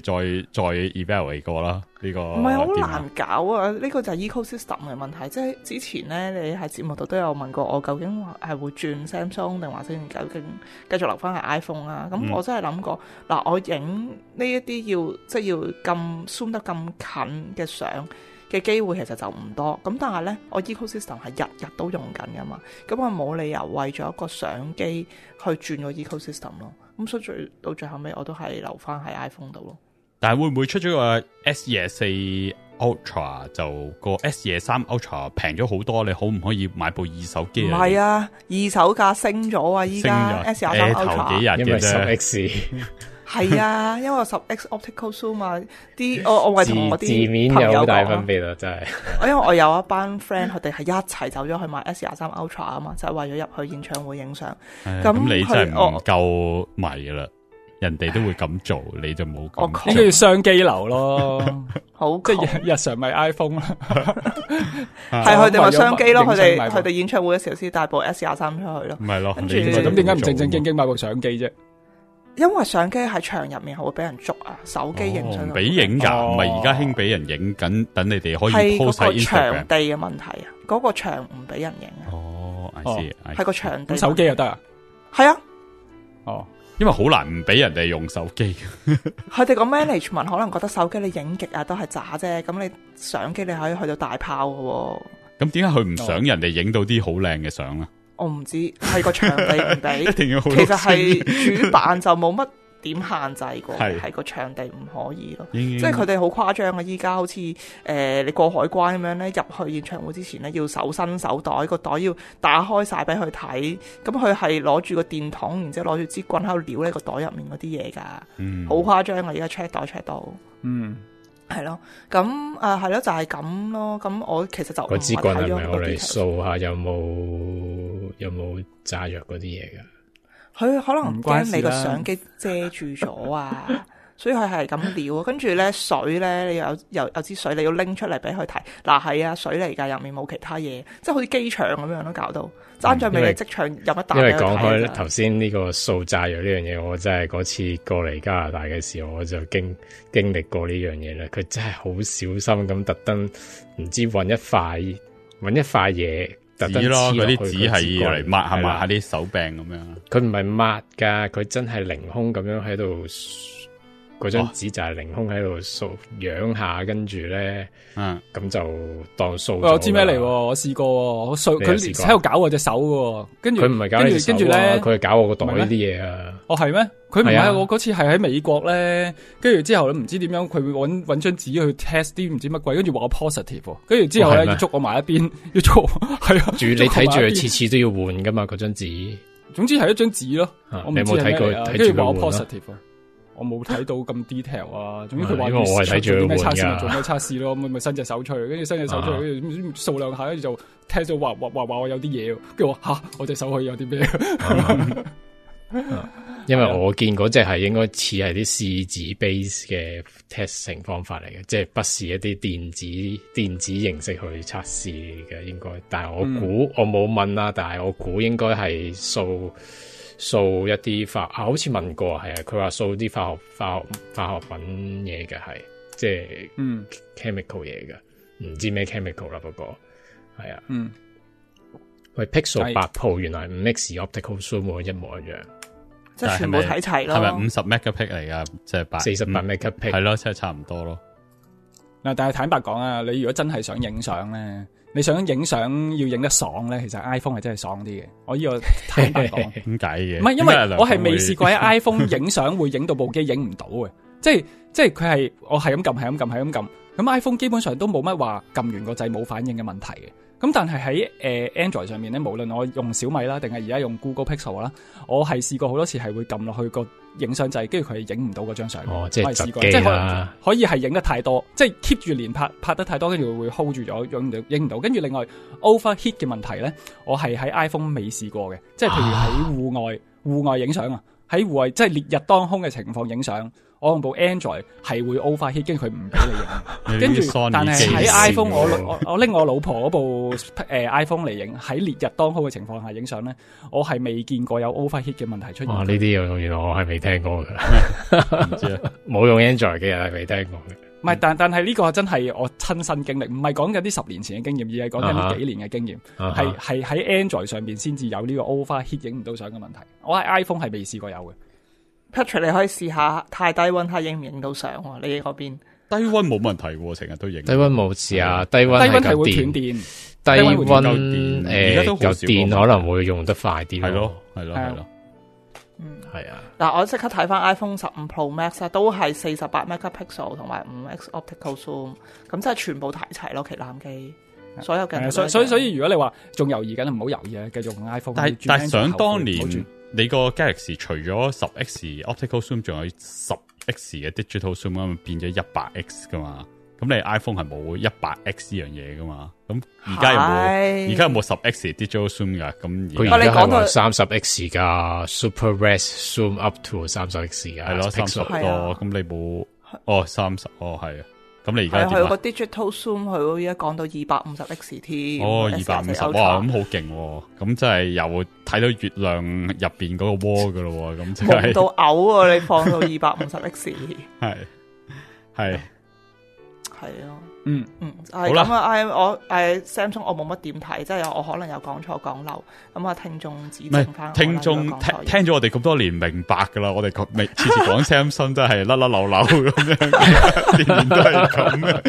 再再 evaluate 過啦，呢、這個唔係好難搞啊！呢、這個就係 ecosystem 嘅問題，即係之前咧，你喺節目度都有問過我，究竟係會轉 Samsung 定還是，究竟繼續留翻係 iPhone 啦、啊？咁我真係諗過嗱、嗯啊，我影呢一啲要即係要咁 zoom 得咁近嘅相嘅機會，其實就唔多。咁但係咧，我 ecosystem 係日日都用緊噶嘛，咁我冇理由為咗一個相機去轉個 ecosystem 咯。咁所以最到最後尾，我都係留翻喺 iPhone 度咯。但係會唔會出咗個 S 廿四 Ultra 就個 S 廿三 Ultra 平咗好多？你可唔可以買部二手機？唔係啊，二手價升咗啊！依家 S 廿三 Ultra 頭幾日嘅 係 啊，因為我十 X Optical Zoom 啊，啲我我同我啲朋友別啦、啊、真係。 因為我有一班 friend 佢哋係一齊走咗去買 S 23 Ultra 啊嘛，就係、為咗入去演唱會影相。咁 你真係唔夠迷啦， 人哋都會咁做，你就冇。咁應該要相機流咯，好即係日常咪 iPhone 啦。 係佢哋話相機咯，佢哋佢哋演唱會嘅時候先帶部 S 23出去咯。咪 咯，跟住咁點解唔正正經經買部相機啫？因為相機喺牆入面，會俾人捉啊！手機影相唔俾影噶，唔係而家興俾人影緊，等你哋可以 post 係，嗰個場地嘅問題啊，嗰個牆唔俾人影啊。哦，係、哦、個場地。哦哦、場地手機就得啊？係啊。哦，因為好難唔俾人哋用手機。佢 哋個 management 可能覺得手機你影極啊都係渣啫，咁你相機你可以去到大炮噶。咁點解佢唔想人哋影到啲好靚嘅相啊？我唔知係個場地唔俾， 定其實係主辦就冇乜點限制過，係 個場地唔可以咯。英英即係佢哋好誇張啊！依家好似誒、呃、你過海關咁樣咧，入去演唱會之前咧要手伸手袋，個袋要打開晒俾佢睇。咁佢係攞住個電筒，然之後攞住支棍喺度撩呢個袋入面嗰啲嘢㗎。好、嗯、誇張啊！而家 check 袋 check 到，嗯。係、啊就是、咯，咁啊係咯，就係咁咯。咁我其實就個我支棍係咪攞嚟掃下有冇有冇炸藥嗰啲嘢噶？佢可能唔驚你個相機遮住咗啊！ 所以佢係咁撩，跟住咧水咧，你又有有有支水，你要拎出嚟俾佢睇嗱。係、嗯、啊，水嚟噶，入面冇其他嘢，即係好似機場咁樣咯，搞到爭在未即場飲一大、嗯、因為講開頭先呢個掃炸藥呢樣嘢，我真係嗰次過嚟加拿大嘅時候，我就經經歷過呢樣嘢啦。佢真係好小心咁，特登唔知搵一塊搵一塊嘢，特登黐落嚟抹，抹下抹下啲手柄咁、嗯、樣。佢唔係抹噶，佢真係凌空咁樣喺度。嗰張紙就係凌空喺度掃，仰、哦、下，跟住咧，嗯，咁就當掃。我知咩嚟？我試過，我掃佢喺度我搞我隻手嘅，跟住佢唔係搞你隻手啊，佢係搞我個袋呢啲嘢啊。哦，係咩？佢唔係我嗰次係喺美國咧，跟住之後唔知點樣，佢會揾揾張紙去 test 啲唔知乜鬼，跟住話我 positive，跟住之後咧、要、捉我埋一邊，要捉，係 啊，住你睇住，次次都要換噶嘛嗰張紙。總之係一張紙咯，我唔知係咩啊，跟住話我 positive、啊。我冇睇到咁 detail 啊，總之佢話做啲咩測試咪做咩測試咯，咪 咪伸隻手出嚟，跟住伸隻手出嚟，跟、啊、住數量下試試，跟住就聽到話話話我有啲嘢，跟住、啊、我吓我隻手可以有啲咩？嗯嗯、 因為我見嗰隻係應該似係啲試紙 base 嘅 testing 方法嚟嘅，即係不是一啲電子電子形式去測試嘅應該，但係我估、嗯、我冇問啦，但係我估應該係數。掃一啲化啊，好似問過係啊，佢話掃啲化學化學化學品嘢嘅係，即係、就是、嗯 chemical 嘢嘅，唔知咩 chemical 啦，不過，係啊，喂、嗯、Pixel 八 Pro 原來五 x optical zoom 一模一樣，即係全部睇齊咯，係咪五十 megapixel 嚟噶？即係八四十 megapixel 係咯，即、嗯、係、就是、差唔多咯。嗱，但係坦白講啊，你如果真係想影相咧。嗯你想影相要影得爽咧，其實 iPhone 係真係爽啲嘅。我依個睇嚟講點解嘅？唔係，因為我係未試過喺 iPhone 影相會影到部機影唔到嘅，即係即係佢係我係咁撳，係咁撳，係咁撳。咁 iPhone 基本上都冇乜話撳完個掣冇反應嘅問題嘅。咁但係喺誒 Android 上面咧，無論我用小米啦，定係而家用 Google Pixel 啦，我係試過好多次係會撳落去個。影相就係，跟住佢係影唔到嗰張相，我係試過嘅，即係可能可以係影得太多，即係 keep 住連拍拍得太多，跟住會 hold 住咗，影唔到，影唔到。跟住另外 overheat 嘅問題咧，我係喺 iPhone 未試過嘅，即係譬如喺戶外戶外影相啊。喺戶外即係烈日當空嘅情況影相，我用部 Android 係會 overheat，跟住佢唔俾你用。跟住，但係喺 iPhone 我我我拎我老婆嗰部誒 iPhone 嚟影，喺烈日當空嘅情況下影相咧，我係未見過有 overheat 嘅問題出現。啊，呢啲啊原來我係未聽過嘅，冇用 Android 嘅人係未聽過嘅。唔係，但但係呢個真係我親身經歷，唔係講緊啲十年前嘅經驗，而係講緊呢幾年嘅經驗，係係喺 Android 上邊先至有呢個 overheat 影唔到相嘅問題。我喺 iPhone 係未試過有嘅。Patrick，你可以試下太低温，睇影唔影到相喎？你嗰邊低温冇問題喎，成日都影。低温冇事啊，低温係會斷電。低温誒有電可能會用得快啲。係咯，係咯，係咯。係啊，嗱，我即刻睇翻 iPhone 十五 Pro Max 啊，都係四十八 megapixel 同埋五 X optical zoom，咁即係全部睇齊咯，旗艦機，所有嘅、啊。所以所以如果你話仲猶豫緊，唔好猶豫啦，繼續用 iPhone 但。但係但係想當年你個 Galaxy 除咗十 X optical zoom，仲有十 X 嘅 digital zoom，咁變咗一百 X 噶嘛？咁你 iPhone 係冇一百 X 呢樣嘢噶嘛？咁而家有冇而家有冇十 X digital zoom 噶？咁你而家講到三十 X 噶，Super Res Zoom up to 三十 X 㗎。係咯，三十多。咁你冇哦三十哦係啊。咁你而家點啊？佢、哦哦啊啊、個 digital zoom 佢而家講到二百五十 X 添哦，二百五十哇，咁好勁。咁真係又睇到月亮入邊嗰個窩噶咯。咁 就係、是、到嘔啊！你放到二百五十 X 係係。是 係咯、啊，嗯嗯，嗯，好啦，咁啊，我誒、啊、Samsung 我冇乜點睇，即、就、係、是、我可能有講錯講漏，咁啊聽眾指正翻。聽眾聽眾聽咗我哋咁多年，明白㗎喇，我哋次次講 Samsung 都係甩甩漏漏咁樣，年 年都係咁。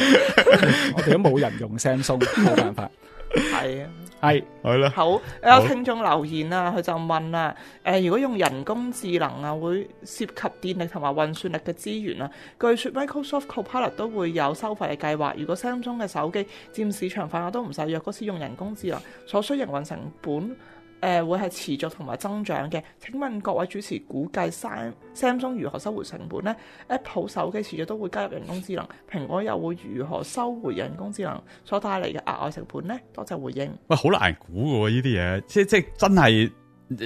我哋都冇人用 Samsung，冇辦法 係 啊。係，好啦。好，有聽眾留言啊，佢就問啦，誒、呃，如果用人工智能啊，會涉及電力同埋運算力嘅資源啊。據說 Microsoft Copilot 都會有收費嘅計劃。如果 Samsung 嘅手機佔市場份額都唔細，若果使用人工智能所需營運成本，誒，會係持續同埋增長嘅。請問各位主持估計 Samsung 如何收回成本咧？Apple 手機持續都會加入人工智能，蘋果又會如何收回人工智能所帶嚟嘅額外成本咧？多謝回應。喂，好難估嘅呢啲嘢，即即真係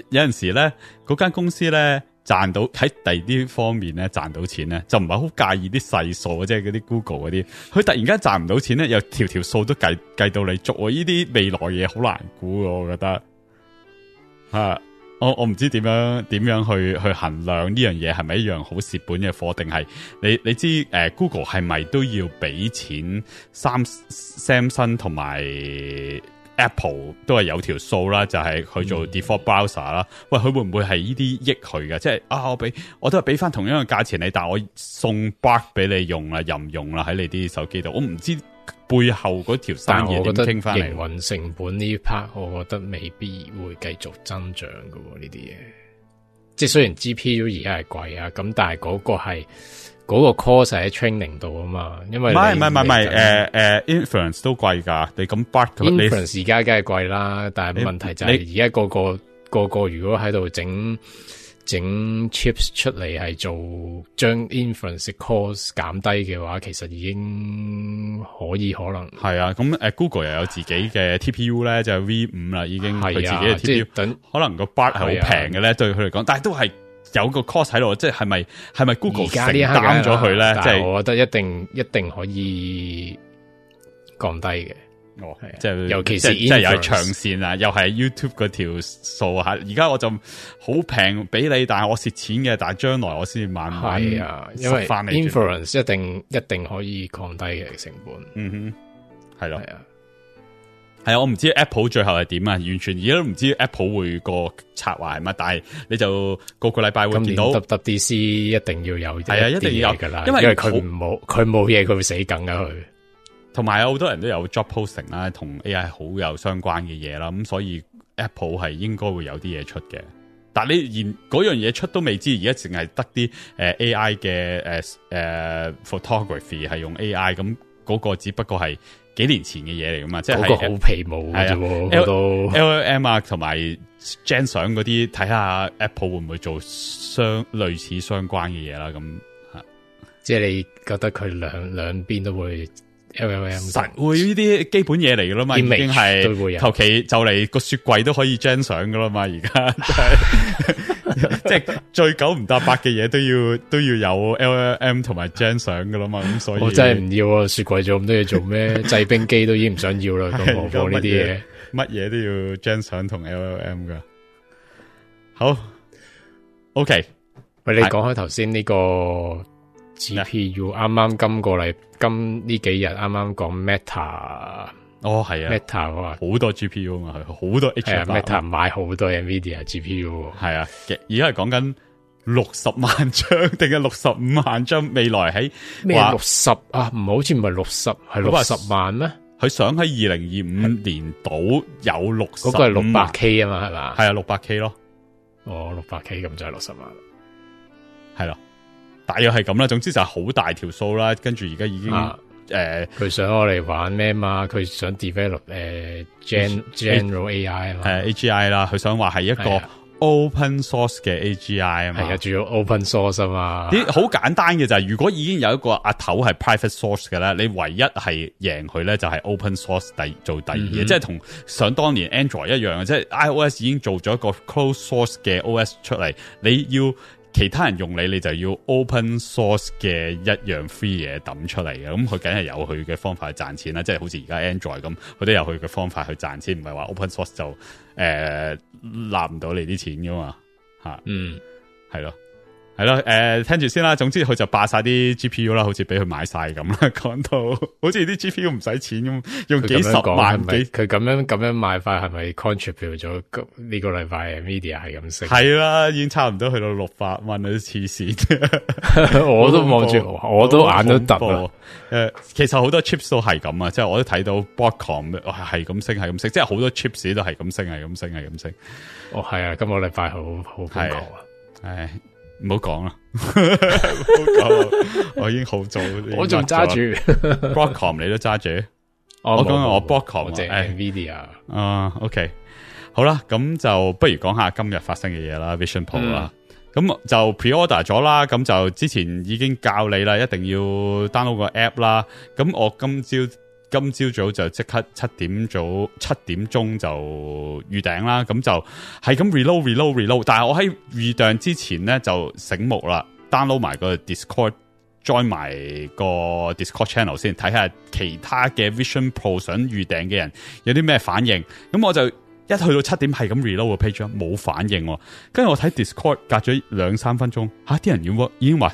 有陣時咧，嗰間公司咧賺到喺第二啲方面咧賺到錢咧，就唔係好介意啲細數，即係嗰啲 Google 嗰啲。佢突然間賺唔到錢咧，又條條數都計計到你足。呢啲未來嘢好難估嘅，我覺得。啊、uh,！我我唔知點樣點樣去去衡量呢樣嘢係咪一樣好蝕本嘅貨，定係你你知誒、呃、？Google 係咪都要俾錢？Sam Samsung 同埋 Apple 都係有條數啦，就係、是、佢做 default browser 啦。Mm. 喂，佢會唔會係呢啲益佢嘅？即係啊，我俾我都係俾翻同樣嘅價錢你，但係我送 Bard 俾你用啦，任用啦，喺你啲手機度，我唔知。背後嗰條，但係我覺得營運成本呢 part，我覺得未必會繼續增長噶。呢啲嘢，即係雖然 GPU 而家係貴啊，咁但係嗰個係嗰、嗰個 course 喺 training 度啊嘛，因為唔係唔係唔係，誒誒 inference 都貴噶，你咁 inference 而家梗係貴啦，但係問題就係而家個個個個如果喺度整。整 chips 出嚟係做將 inference cost 減低嘅話，其實已經可以可能係啊。咁誒 Google 又有自己嘅 TPU 咧， 就係 V 五啦，已經佢、啊、自己嘅 TPU。可能個 bar 係好平嘅咧，對佢嚟講，但係都係有個 cost 喺度，即係係咪係咪 Google 承擔咗佢咧？即係、就是、我覺得一定一定可以降低嘅。哦，即係、啊，即係又係長線啊，又係 YouTube 嗰條數吓。而家我就好平俾你，但係我蝕錢嘅。但係將來我先買，係啊，因為翻嚟 inference 一定一定可以降低嘅成本。嗯哼，係咯，係啊，係、啊啊、我唔知 Apple 最後係點啊，完全而家都唔知 Apple 會個策劃係嘛。但係你就個個禮拜會見到，今年 WWDC 一定要有，係啊，一定要有噶啦，因為佢冇佢冇嘢，佢會死梗噶佢。嗯同埋有好多人都有 job posting 啦，同 A I 好有相關嘅嘢啦，咁所以 Apple 係應該會有啲嘢出嘅。但你而嗰樣嘢出都未知，而家淨係得啲誒 A I 嘅誒誒 photography 係用 A I，咁嗰個只不過係幾年前嘅嘢嚟噶嘛，即係好皮毛啫、啊啊。L L M 啊，同埋 Gen 相嗰啲，睇下 Apple 會唔會做相類似相關嘅嘢啦。咁吓，即係你覺得佢兩兩邊都會。L L M 實會呢啲基本嘢嚟噶啦嘛，已經係求其就嚟個雪櫃都可以張相噶啦嘛，而家即係最九唔搭八嘅嘢都要都要有 L L M 同埋張相噶啦嘛，咁所以我真係唔要啊，雪櫃做咁多嘢做咩？製冰機都已經唔想要啦，更何況呢啲嘢，乜嘢都要張相同 L L M 噶。好，O K，喂，你講開頭先呢個。G P U 啱啱今個禮今呢幾日啱啱講 Meta 哦係啊 Meta 啊好多 G P U 啊好多 H Meta 買好多 Nvidia G P U 係啊而家係講緊六十萬張定係六十五萬張未來喺六十啊唔好似唔係六十係六十萬咩？佢想喺二零二五年度有六嗰、嗰個係六百 K 啊嘛係嘛係啊六百 K 咯哦六百 K 咁就係六十萬係咯。哦大約係咁啦，總之就係好大條數啦。跟住而家已經誒，佢、啊呃、想我嚟玩咩嘛？佢想 develop 誒、呃、Gen, general AI 嘛？誒 AGI 啦，佢想話係一個 open source 嘅 AGI 啊嘛。係啊，啊，主要 open source 啊嘛。啲好、啊、簡單嘅就係、是，如果已經有一個阿頭係 private source 嘅咧，你唯一係贏佢咧就係 open source 第做第二嘢，即係同想當年 Android 一樣即係、就是、iOS 已經做咗一個 closed source 嘅 OS 出嚟，你要。其他人用你，你就要 open source 嘅一樣 free 嘢抌出嚟嘅，咁佢梗係有佢嘅方法去賺錢啦，即係好似而家 Android 咁，佢都有佢嘅方法去賺錢，唔係話 open source 就誒攬唔到你啲錢噶嘛吓，嗯，係咯。係啦誒，聽住先啦。總之佢就霸晒啲 G P U 啦，好似俾佢買晒咁啦。講到好似啲 G P U 唔使錢咁，用幾十萬俾佢咁樣咁樣，樣買塊係咪 contribute 咗呢個禮拜 Nvidia 係咁升？係啦，已經差唔多去到六百蚊嗰啲，黐線。 我都望住，我都眼都突。誒、呃，其實好多 chips 都係咁啊，即係我都睇到 Broadcom 係、哦、咁升，係咁升，即係好多 chips 都係咁升，係咁升，係咁升。哦，係啊，今個禮拜好好瘋狂啊，唔好講啦，我已經好早，我仲揸住，Broadcom 你都揸住，我講緊我 Broadcom 即係 NVIDIA 啊，OK，好啦，咁就不如講下今日發生嘅嘢啦，Vision Pro 啦，咁就 Preorder 咗啦，咁就之前已經教你啦，一定要 download 個 App 啦，咁我今朝。今朝早就即刻七點早七點鐘就預訂啦，咁就係咁 reload reload reload，但係我喺預訂之前咧就醒目啦，download 埋個 Discord，join 埋個 Discord channel 先，睇下其他嘅 Vision Pro 想預訂嘅人有啲咩反應。咁我就一去到七點係咁 reload 個 page，冇反應。跟住我睇 Discord，隔咗兩三分鐘，吓、啊、啲人已經已經話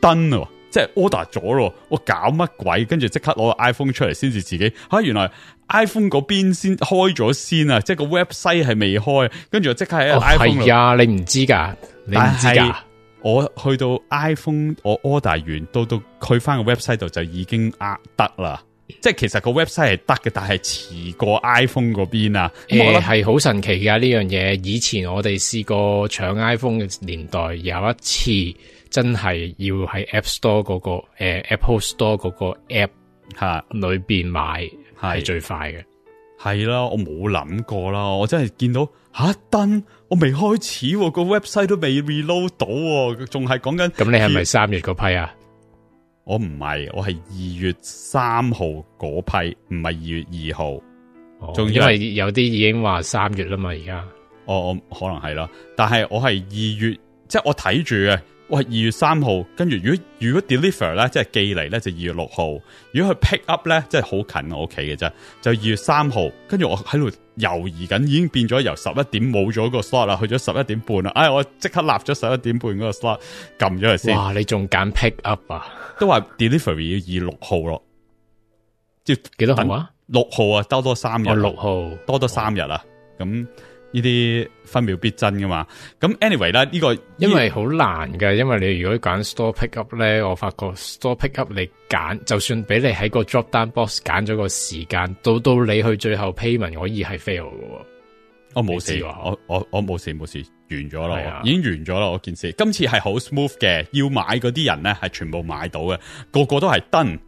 done 即係 order 咗咯，我搞乜鬼？跟住即刻攞個 iPhone 出嚟，先至自己吓、啊，原來 iPhone 嗰邊先開咗先啊！即係個 website 係未開，跟住即刻喺 iPhone、哦。係呀、啊，你唔知噶，你唔知噶、啊。我去到 iPhone，我 order 完到到佢翻個 website 度就已經呃得啦。即係其實個 website 係得嘅，但係遲過 iPhone 嗰邊啊。誒、嗯，係、欸、好神奇噶呢樣嘢。以前我哋試過搶 iPhone 嘅年代，有一次。真係要喺 App Store 嗰、那個誒、欸、Apple Store 嗰個 App 吓裏邊買係最快嘅、啊。係啦、啊、我冇諗過啦。我真係見到吓，等、啊、我未開始個 website 都未 reload 到，仲係講緊咁。你係咪三月嗰批啊？我唔係，我係二月三號嗰批，唔係二月二號。仲、哦、因為有啲已經話三月啦嘛，而、哦、家我我可能係啦，但係我係二月，即係我睇住呀。喂，二月三號，跟住如果如果 deliver 咧，即係寄嚟咧，就二月六號。如果佢 pick up 咧，即係好近我屋企嘅啫。就二月三號，跟住我喺度猶豫緊，已經變咗由十一點冇咗個 slot 啦，去咗十一點半啦。哎，我即刻立咗十一點半嗰個 slot，撳咗佢先。哇，你仲揀 pick up 啊？都話 delivery 要二六號咯，即係幾多份？六號啊，多多三日，哦、六日。六號多多三日啦咁。哦呢啲分秒必爭噶嘛？咁 anyway 啦、這個，呢個因為好難㗎。因為你如果揀 store pickup 咧，我發覺 store pickup 你揀，就算俾你喺個 drop down box 揀咗個時間，到到你去最後 payment，可以係 fail 噶、哦。我冇事，我我我冇事冇事，完咗咯，啊、已經完咗啦我件事。今次係好 smooth 嘅，要買嗰啲人咧係全部買到嘅，個個都係 d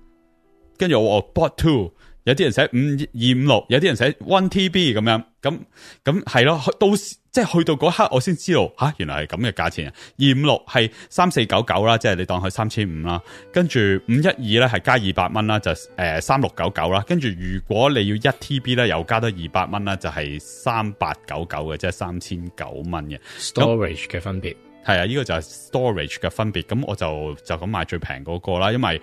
跟住我 bought two。有啲人寫五二五六，有啲人寫 one TB 咁樣，咁咁係咯，到即係去到嗰刻，我先知道吓，啊，原來係咁嘅價錢啊！二五六係三四九九啦，即係你當佢三千五啦，跟住五一二咧係加二百蚊啦，就誒三六九九啦，跟住如果你要一 TB 咧，又加多二百蚊啦，就係三八九九嘅，即係三千九蚊嘅 storage 嘅分別。係啊，呢個就係 storage 嘅分別。咁我就就咁買最平嗰個啦，因為。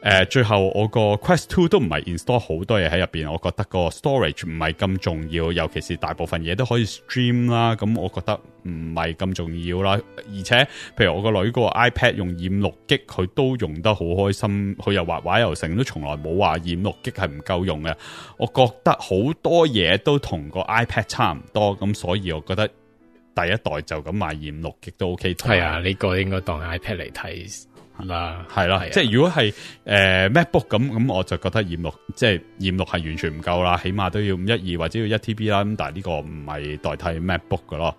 誒、呃，最後我個 Quest Two 都唔係 install 好多嘢喺入邊，我覺得個 storage 唔係咁重要，尤其是大部分嘢都可以 stream 啦，咁我覺得唔係咁重要啦。而且，譬如我個女個 iPad 用256 G，佢都用得好開心，佢又畫畫又成，都從來冇話256 G 係唔夠用嘅。我覺得好多嘢都同個 iPad 差唔多，咁所以我覺得第一代就咁賣256 G 都 OK。係啊，呢、這個應該當 iPad 嚟睇。啦，係啦，即係如果係誒 MacBook 咁，咁我就覺得256即係256係完全唔夠啦，起碼都要五一二或者要一 TB 啦。咁但係呢個唔係代替 MacBook 噶咯。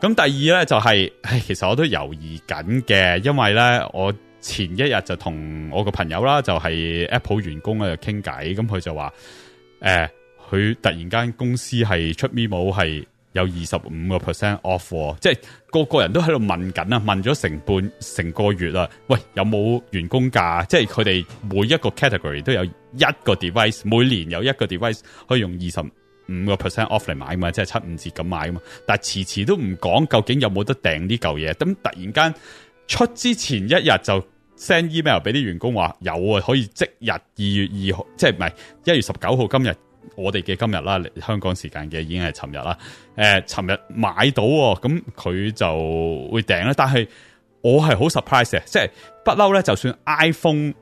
咁第二咧就係、誒，其實我都猶豫緊嘅，因為咧我前一日就同我個朋友啦，就係 Apple 員工喺度傾偈，咁佢就話誒，佢、呃、突然間公司係出 memo 係。有二十五個 percent off，即係個個人都喺度問緊啊，問咗成半成個月啦。喂，有冇員工價？即係佢哋每一個 category 都有一個 device，每年有一個 device 可以用二十五個 percent off 嚟買嘛，即係七五折咁買嘛。但係遲遲都唔講究竟有冇得訂呢嚿嘢，咁突然間出之前一日就 send email 俾啲員工話有啊，可以即日二月二號，即係唔係一月十九號今日。我哋嘅今日啦，香港時間嘅已經係尋日啦。誒、呃，尋日買到，喔，咁佢就會訂啦。但係我係好 surprise 嘅，即係不嬲咧，就算 iPhone，誒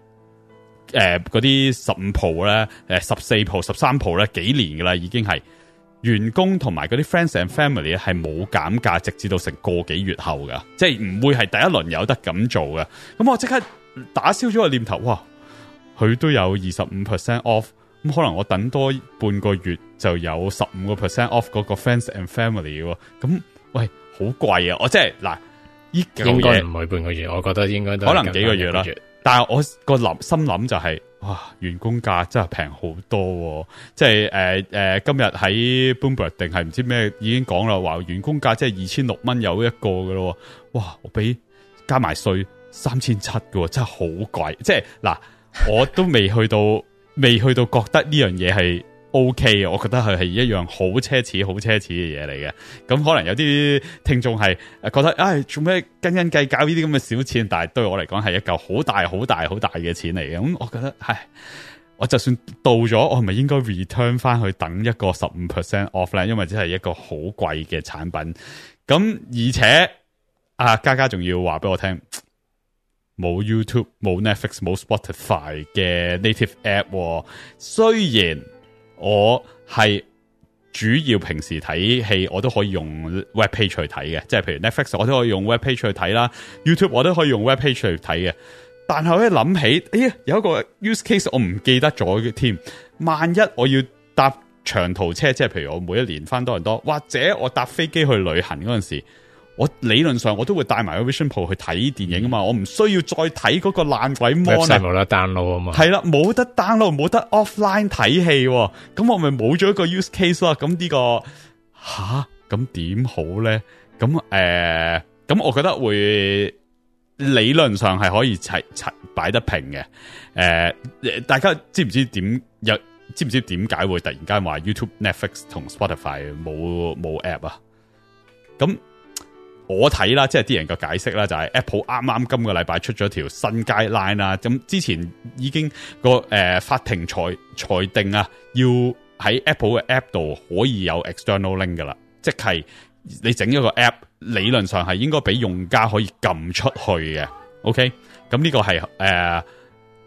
嗰啲十五 Pro 咧，誒十四 Pro 十三 Pro 咧，幾年噶啦，已經係員工同埋嗰啲 friends and family 咧係冇減價，直至到成個幾月後噶，即係唔會係第一輪有得咁做㗎。咁我即刻打消咗個念頭，哇，佢都有二十五 percent off。咁、嗯、可能我等多半個月就有十五個 percent off 嗰個 friends and family 喎。咁喂好貴啊！我即係嗱，應該唔係半個月，我覺得應該都可能幾個月啦。但係我個諗心諗就係、是、哇，員工價真係平好多、哦，即係誒誒，今日喺 Bloomberg 定係唔知咩已經講啦，話員工價即係二千六蚊有一個嘅咯，哇！我俾加埋稅三千七喎，真係好貴，即係嗱，我都未去到。 未去到覺得呢樣嘢係 O K 嘅，我覺得佢係一樣好奢侈、好奢侈嘅嘢嚟嘅。咁可能有啲聽眾係覺得，唉、哎，做咩斤斤計較呢啲咁嘅小錢？但係對我嚟講，係一嚿好大、好大、好大嘅錢嚟嘅。咁我覺得唉，我就算到咗，我係咪應該 return 翻去等一個十五 percent off 咧？因為只係一個好貴嘅產品。咁而且阿嘉嘉仲要話俾我聽。冇 YouTube、冇 Netflix、冇 Spotify 嘅 native app，哦。雖然我係主要平時睇戲，我都可以用 web page 去睇嘅。即係譬如 Netflix，我都可以用 web page 去睇啦。YouTube 我都可以用 web page 去睇嘅。但係我一諗起，哎呀，有一個 use case 我唔記得咗嘅添。萬一我要搭長途車，即係譬如我每一年返多倫多，或者我搭飛機去旅行嗰陣時。我理論上我都會帶埋個 vision pro 去睇電，電影啊嘛，我唔需要再睇嗰個爛鬼 Mon 啦。係冇得 download 啊嘛，係啦，冇得 download，冇得 offline 睇戲，咁我咪冇咗一個 use case 咯。咁、這個、呢個吓，咁點好咧？咁、呃、誒，咁我覺得會理論上係可以齊齊擺得平嘅。誒、呃，大家知唔知點？有知唔知點解會突然間話 YouTube Netflix、Netflix 同 Spotify 冇冇 app 啊？咁。我睇啦，即係啲人嘅解釋啦，就係、是、Apple 啱啱今個禮拜出咗條新 guide line 啦、啊。咁之前已經個誒、呃、法庭裁裁定啊，要喺 Apple 嘅 App 度可以有 external link 噶啦，即係你整咗個 App 理論上係應該俾用家可以撳出去嘅。OK，咁呢個係誒。呃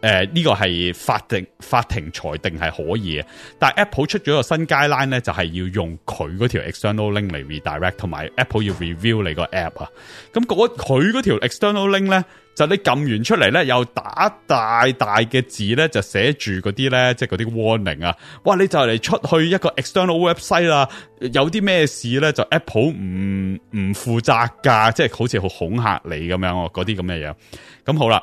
誒、呃，呢，這個係法庭法庭裁定係可以嘅，但係 Apple 出咗個新 guideline 咧，就係、是、要用佢嗰條 external link 嚟 redirect，同埋 Apple 要 review 你個 app 啊。咁佢嗰條 external link 咧，就你撳完出嚟咧，又打大大嘅字咧，就寫住嗰啲咧，即係嗰啲 warning 啊。哇，你就嚟出去一個 external website 啦、啊，有啲咩事咧，就 Apple 唔唔負責噶，即、就、係、是、好似好恐嚇你咁樣，嗰啲咁嘅樣。咁好啦。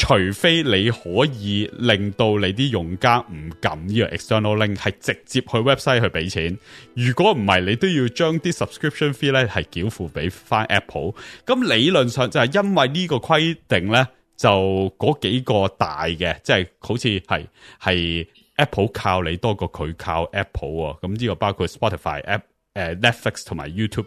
除非你可以令到你啲用家唔撳呢個 external link，係直接去 website 去俾錢。如果唔係，你都要將啲 subscription fee 咧係繳付俾翻 Apple。咁理論上就係因為呢個規定咧，就嗰幾個大嘅，即、就、係、是、好似係係 Apple 靠你多過佢靠 Apple 啊、哦。咁呢個包括 Spotify app、呃、誒 Netflix 同埋 YouTube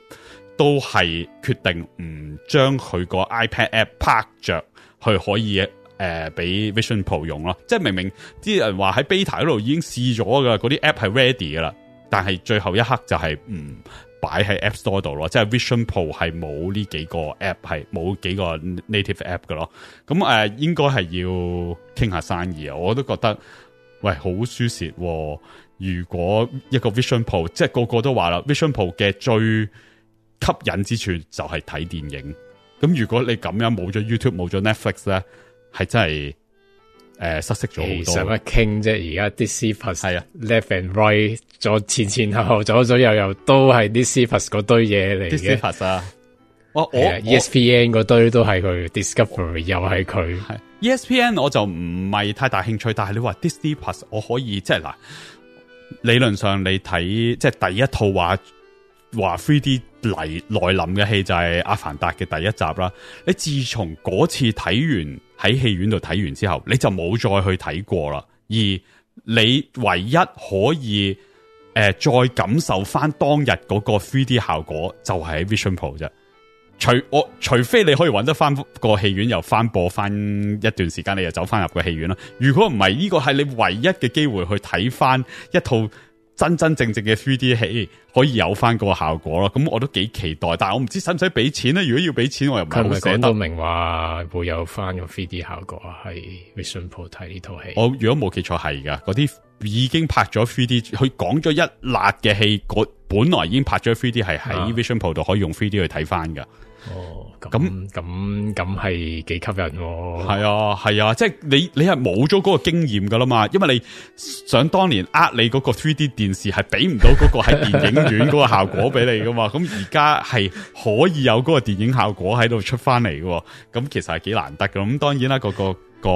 都係決定唔將佢個 iPad app 拍着去可以。誒、呃，俾 Vision Pro 用咯，即係明明啲人話喺 beta 嗰度已經試咗噶，嗰啲 app 係 ready 噶啦，但係最後一刻就係唔擺喺 App Store 度咯，即係 Vision Pro 係冇呢幾個 app 係冇幾個 native app 嘅咯。咁、嗯、誒、呃，應該係要傾下生意啊。我都覺得喂好輸蝕喎。如果一個 Vision Pro，即係個個都話啦 ，Vision Pro 嘅最吸引之處就係睇電影。咁如果你咁樣冇咗 YouTube，冇咗 Netflix 咧？係真係誒、呃，失色咗好多。使乜傾啫？而家 Disney+，Left and Right，左前前後後，左左右右，都係 Disney+、啊哦啊、Disney+ 嗰堆嘢嚟 Disney+ 我 ESPN 嗰、啊、堆都係佢、啊、Discovery，、啊、又係佢。ESPN 我就唔係太大興趣，但係你話 Disney+ 我可以即係嗱，理論上你睇即係第一套話話 Three D 嚟來臨嘅戲就係《阿凡達》嘅第一集啦。你自從嗰次睇完。喺戲院度睇完之後，你就冇再去睇過啦。而你唯一可以誒、呃、再感受翻當日嗰個 3D 效果，就係、喺、Vision Pro 啫。除我，除非你可以搵得翻個戲院又翻播翻一段時間，你又走翻入戲個戲院啦。如果唔係，呢個係你唯一嘅機會去睇翻一套。真真正正嘅 3D 戲可以有翻嗰個效果咯，咁、嗯、我都幾期待，但係我唔知使唔使俾錢咧？如果要俾錢，我又唔係好想。佢咪講到明話會有翻個 3D 效果，喺 Vision Pro 睇呢套戲。我如果冇記錯係噶，嗰啲已經拍咗 3D，佢講咗一辣嘅戲，本來已經拍咗 3D，係喺 Vision Pro 度可以用 3D 去睇翻噶。啊哦咁咁咁係幾吸引喎、哦？係啊係啊，即係、啊就是、你你係冇咗嗰個經驗噶啦嘛，因為你想當年，呃你嗰個 three D 電視係俾唔到嗰個喺電影院嗰個效果俾你噶嘛，咁而家係可以有嗰個電影效果喺度出翻嚟喎。咁其實係幾難得㗎。咁當然啦，那個個、那個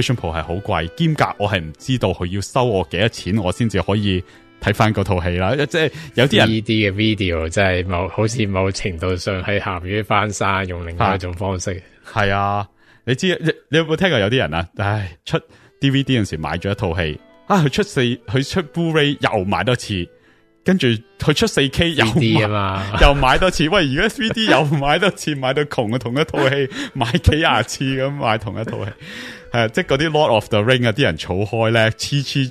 Vision Pro 係好貴，兼夾我係唔知道佢要收我幾多錢，我先至可以。睇翻嗰套戲啦，即係有啲人 DVD 嘅 video，即係某好似某程度上係鹹魚翻山，用另外一種方式。係啊，啊，你知你，你有冇聽過有啲人啊？唉，出 D V D 嘅陣時候買咗一套戲啊，佢出四佢出 Blu Ray 又買多次，跟住佢出四 K 又啲啊嘛，又買多次。喂，而家三 D 又買多次， 買到窮啊！同一套戲買幾廿次咁，買同一套戲係即係嗰啲 Lord of the Ring 啊，啲人炒開咧，黐黐。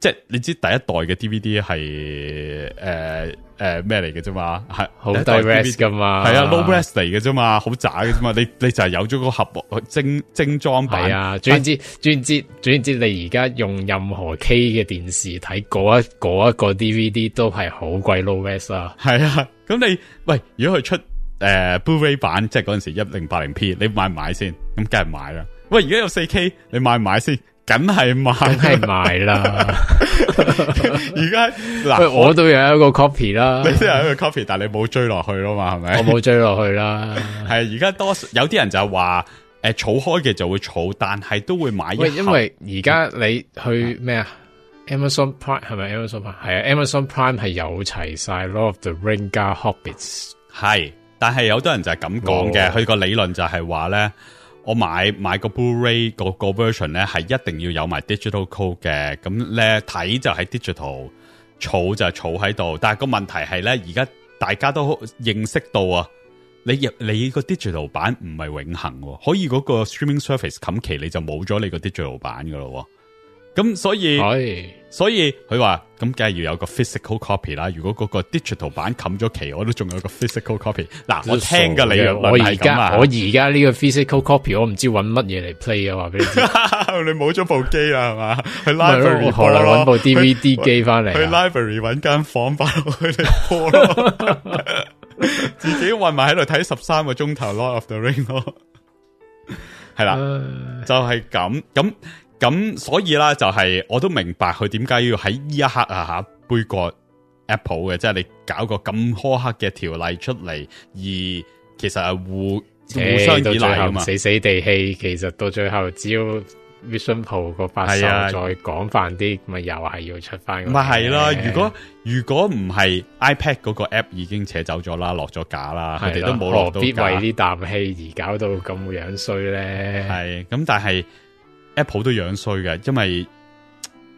即係你知第一代嘅 DVD 係誒誒咩嚟嘅啫嘛，係好 low res 噶嘛，係啊 low res 嚟嘅啫嘛，好渣嘅啫嘛，你你就係有咗個盒精精裝版。啊，總之總之總之你而家用任何 K 嘅電視睇嗰一嗰一個 DVD 都係好貴 low res 啦。係啊，咁你喂，如果佢出誒、呃、Blu-ray 版，即係嗰陣時一零八零 P，你買唔買先？咁梗係買啦。喂，而家有四 K，你買唔買先？梗係買，梗係買啦！而家嗱，我都有一個 copy 啦。你都有一個 copy，但係你冇追落去咯嘛？係咪？我冇追落去啦。係而家多有啲人就係話，誒、呃，儲開嘅就會儲，但係都會買。喂，因為而家你去咩啊？Amazon Prime 係咪 Amazon Prime？係啊，Amazon Prime 係有齊晒咯，Lord of the Rings 加 Hobbits 係，但係有多人就係咁講嘅。佢、哦、個理論就係話咧。我買買個 Blu-ray 個、嗰個 version 咧，係一定要有埋 digital code 嘅。咁咧，睇就係 digital，儲就儲喺度。但係個問題係咧，而家大家都認識到啊，你入你個 digital 版唔係永恒，可以嗰個 streaming service 冚期你就冇咗你個 digital 版噶喎。咁所以，所以佢話咁，梗係要有個 physical copy 啦。如果嗰個 digital 版冚咗期，我都仲有個 physical copy。嗱、啊，我聽噶你，我而家我而家呢個 physical copy，我唔知揾乜嘢嚟 play 啊！話俾你知， 你冇咗部機啊，係嘛？去 library 搵部 DVD 機翻嚟，去 library 搵間房擺落去嚟播咯。 自己運埋喺度睇十三個鐘頭《Lord of the Ring》咯。係啦，就係咁咁。咁所以啦，就係我都明白佢點解要喺呢一刻啊吓杯葛 Apple 嘅，即係你搞個咁苛刻嘅條例出嚟，而其實係互、欸、互相依賴啊嘛，死死地氣，其實到最後只要 Vision Pro 個發售再廣泛啲，咪、啊、又係要出翻。咪係啦，如果如果唔係 iPad 嗰個 App 已經扯走咗啦，落咗架啦，佢哋、啊、都冇落何必為氣呢啖氣而搞到咁樣衰咧？係咁，但係。Apple 都樣衰嘅，因為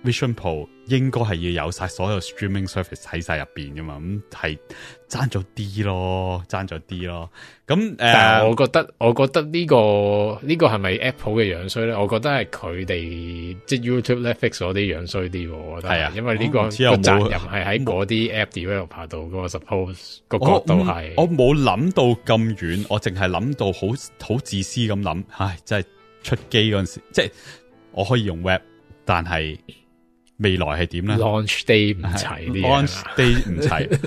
Vision Pro 應該係要有晒所有 streaming service 喺晒入邊噶嘛，咁係爭咗啲咯，爭咗啲咯。咁、嗯、誒、嗯，我覺得我覺得呢個呢個係咪 Apple 嘅樣衰咧？我覺得係佢哋即係 YouTube、Netflix 嗰啲樣衰啲。係啊，因為呢、這個我、那個責任係喺嗰啲 app developer 度個 Suppose、那個角度係，我冇諗到咁遠，我淨係諗到好好自私咁諗，唉，真係。出機嗰陣時，即係我可以用 web，但係未來係點咧？Launch day 唔齊啲，launch day 唔齊。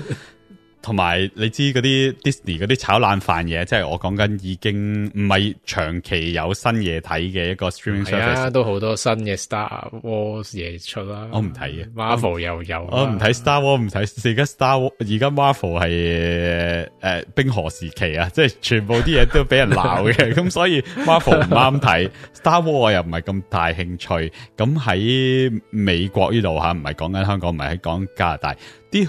同埋你知嗰啲 Disney 嗰啲炒爛飯嘢，即係我講緊已經唔係長期有新嘢睇嘅一個 Streaming Service，啊。都好多新嘅 Star Wars 嘢出啦。我唔睇嘅，Marvel 又有。我唔睇 Star Wars，唔睇而家 Star Wars，而家 Marvel 係誒、呃、冰河時期啊，即係全部啲嘢都俾人鬧嘅，咁 所以 Marvel 唔啱睇，Star Wars 我又唔係咁大興趣。咁喺美國呢度吓，唔係講緊香港，唔係喺講加拿大啲。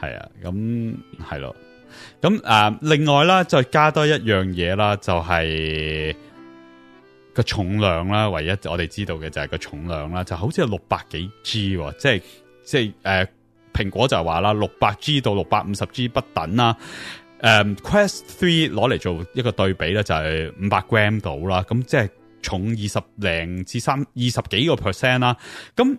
係啊，咁係咯，咁誒、呃，另外啦，再加多一樣嘢啦，就係、是、個重量啦。唯一我哋知道嘅就係個重量啦，就好似係六百幾 G、哦、即係即係誒，呃、蘋果就話啦，六百 G 到六百五十 G 不等啦。誒、呃、Quest Three 攞嚟做一個對比咧，就係五百 gram 到啦，咁即係重二十零至三二十幾個 percent 啦，咁。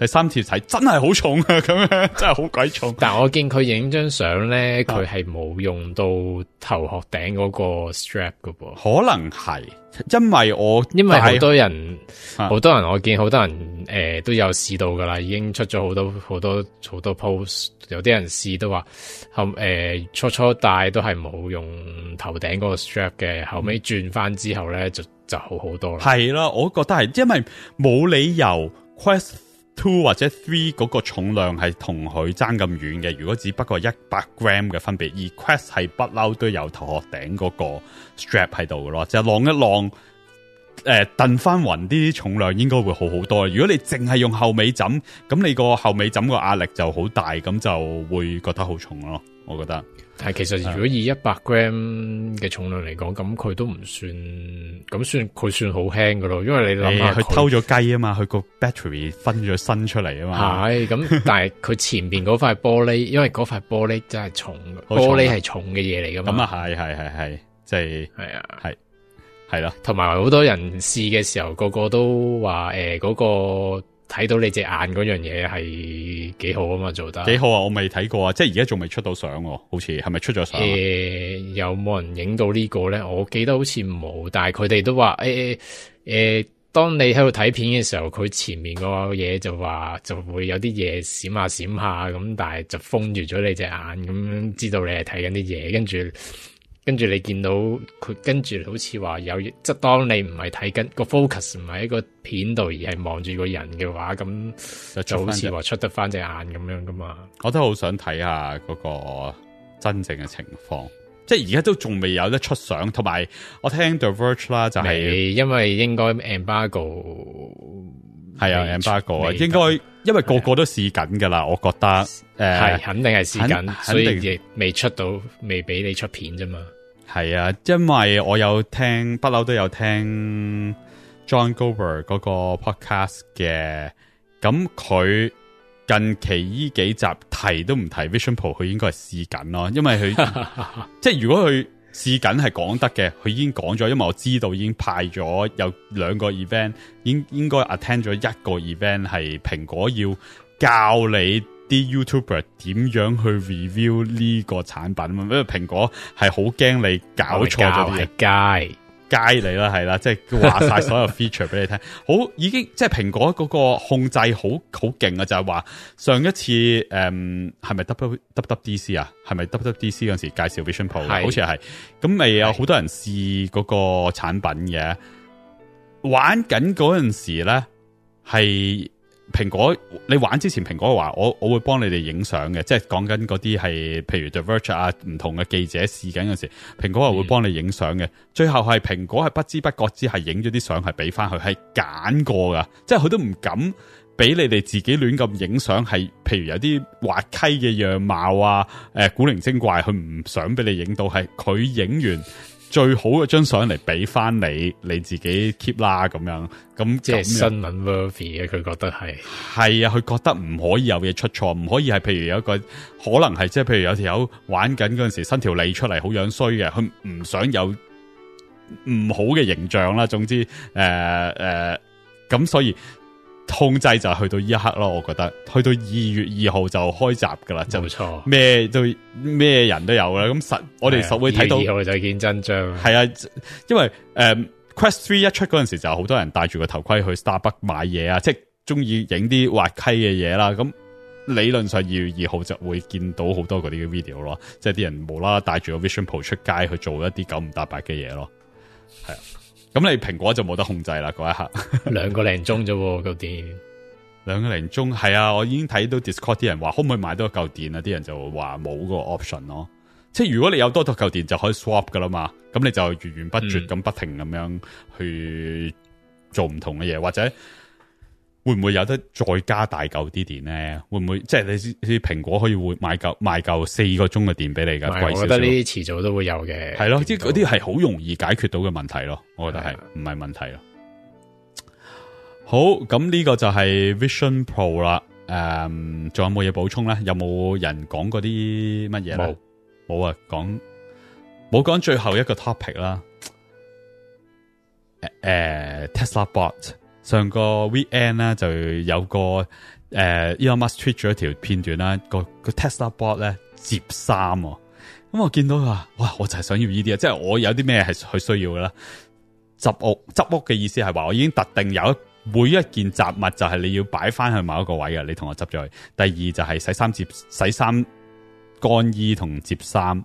第三條仔真係好重啊！咁樣真係好鬼重、啊。但我見佢影張相咧，佢係冇用到頭殼頂嗰個 strap 嘅噃。可能係因為我因為好多人好、啊、多人，我見好多人誒、呃、都有試到噶啦，已經出咗好多好多好多 post。有啲人試都話後誒初初戴都係冇用頭頂嗰個 strap 嘅、嗯，後尾轉翻之後咧就就好好多啦。係囉，我覺得係因為冇理由 Quest two 或者 three 嗰個重量係同佢爭咁遠嘅，如果只不過一百 gram 嘅分別，而 Quest 係不嬲都有頭殼頂嗰個 strap 喺度嘅咯，就係浪一浪，誒、呃，蹬翻匀啲重量應該會好好多。如果你淨係用後尾枕，咁你個後尾枕個壓力就好大，咁就會覺得好重咯，我覺得。係其實如果以一百 gram 嘅重量嚟講，咁佢都唔算，咁算佢算好輕噶咯。因為你諗下佢偷咗雞啊嘛，佢個 battery 分咗身出嚟啊嘛。係咁， 但係佢前邊嗰塊玻璃，因為嗰塊玻璃真係重，重，玻璃係重嘅嘢嚟噶嘛。咁啊係係係係，即係係啊係係咯，同埋好多人試嘅時候，個個都話誒嗰個。睇到你隻眼嗰樣嘢係幾好啊嘛，做得幾好啊！我未睇過啊，即係而家仲未出到相喎、啊，好似係咪出咗相、啊？誒、欸、有冇人影到個呢個咧？我記得好似冇，但係佢哋都話誒誒當你喺度睇片嘅時候，佢前面個嘢就話就會有啲嘢閃下閃下咁，但係就封住咗你隻眼咁，知道你係睇緊啲嘢，跟住。跟住你見到佢，跟住好似話有，即係當你唔係睇緊個 focus 唔係喺個片度，而係望住個人嘅話，咁就好似話出得翻隻眼咁樣噶嘛。我都好想睇下嗰個真正嘅情況，即係而家都仲未有得出相，同埋我聽 The Verge 啦、就是，就係因為應該 Embargo 係啊，Embargo 應該、嗯、因為個個都試緊噶啦，我覺得誒，係、呃、肯定係試緊，所以亦未出到，未俾你出片啫嘛。係啊，因為我有聽不嬲都有聽 John Gower 嗰個 podcast 嘅，咁佢近期依幾集提都唔提 Vision Pro 佢應該係試緊咯，因為佢 即係如果佢試緊係講得嘅，佢已經講咗，因為我知道已經派咗有兩個 event，經應該 attend 咗一個 event 係蘋果要教你。啲 YouTuber 點樣去 review 呢個產品？因為蘋果係好驚你搞錯嘅，街街你啦，係啦，即係話晒所有 feature 俾 你聽。好，已經即係蘋果嗰個控制好好勁啊！就係、是、話上一次，誒、嗯，係咪 WWDC 啊？係咪 WWDC 嗰時介紹 Vision Pro，好似係。咁咪有好多人試嗰個產品嘅，玩緊嗰陣時咧係。蘋果，你玩之前蘋果話我我會幫你哋影相嘅，即係講緊嗰啲係譬如 The Verge 啊唔同嘅記者試緊嗰時候，蘋果係會幫你影相嘅。最後係蘋果係不知不覺之係影咗啲相係俾翻佢，係揀過噶，即係佢都唔敢俾你哋自己亂咁影相，係譬如有啲滑稽嘅樣貌啊，誒、呃、古靈精怪，佢唔想俾你影到，係佢影完。最好嘅張相嚟俾翻你，你自己 keep 啦咁樣。咁即係新聞 worthy 嘅，佢、啊、覺得係係啊，佢覺得唔可以有嘢出錯，唔可以係譬如有一個可能係即係譬如有條友玩緊嗰陣時伸條脷出嚟，好樣衰嘅，佢唔想有唔好嘅形象啦。總之，誒、呃、誒，咁、呃、所以。控制就係去到呢一刻咯，我覺得去到二月二號就開閘噶啦，就冇錯，咩都咩人都有啦。咁實我哋實會睇到二號就見真章。係啊，因為誒、嗯、Quest Three 一出嗰陣時就好多人戴住個頭盔去 Starbucks 買嘢啊，即係中意影啲滑稽嘅嘢啦。咁理論上二月二號就會見到好多嗰啲 video 咯，即係啲人無啦啦戴住個 Vision Pro 出街去做一啲九唔搭八嘅嘢咯，係啊。咁你蘋果就冇得控制啦，嗰一刻。兩 個零鐘啫喎，嚿 電。兩個零鐘，係啊，我已經睇到 Discord 啲人話，可唔可以買多嚿電啊？啲人就話冇個 option 咯。即係如果你有多多舊電，就可以 swap 噶啦嘛。咁你就源源不絕咁不停咁樣去做唔同嘅嘢、嗯，或者。會唔會有得再加大舊啲電咧？會唔會即係你啲蘋果可以會買夠賣夠四個鐘嘅電俾你噶貴點點，我覺得呢啲遲早都會有嘅。係咯，即係嗰啲係好容易解決到嘅問題咯。我覺得係唔係問題咯。好，咁呢個就係 Vision Pro 啦。誒，仲有冇嘢補充咧？有冇人講過啲乜嘢咧？冇，冇啊，講，冇講最後一個 topic 啦。誒、uh, uh, Tesla Bot。上個 Weekend 呢就有個誒、呃、，Elon Musk 貼咗一條片段啦，個個 Tesla Bot 咧摺衫，咁我見到佢話，哇，我就係想要呢啲啊，即係我有啲咩係佢需要嘅啦，執屋執屋嘅意思係話我已經特定有一每一件雜物就係你要擺翻去某一個位嘅。你同我執咗去。第二就係洗衫摺洗衫乾衣同摺衫，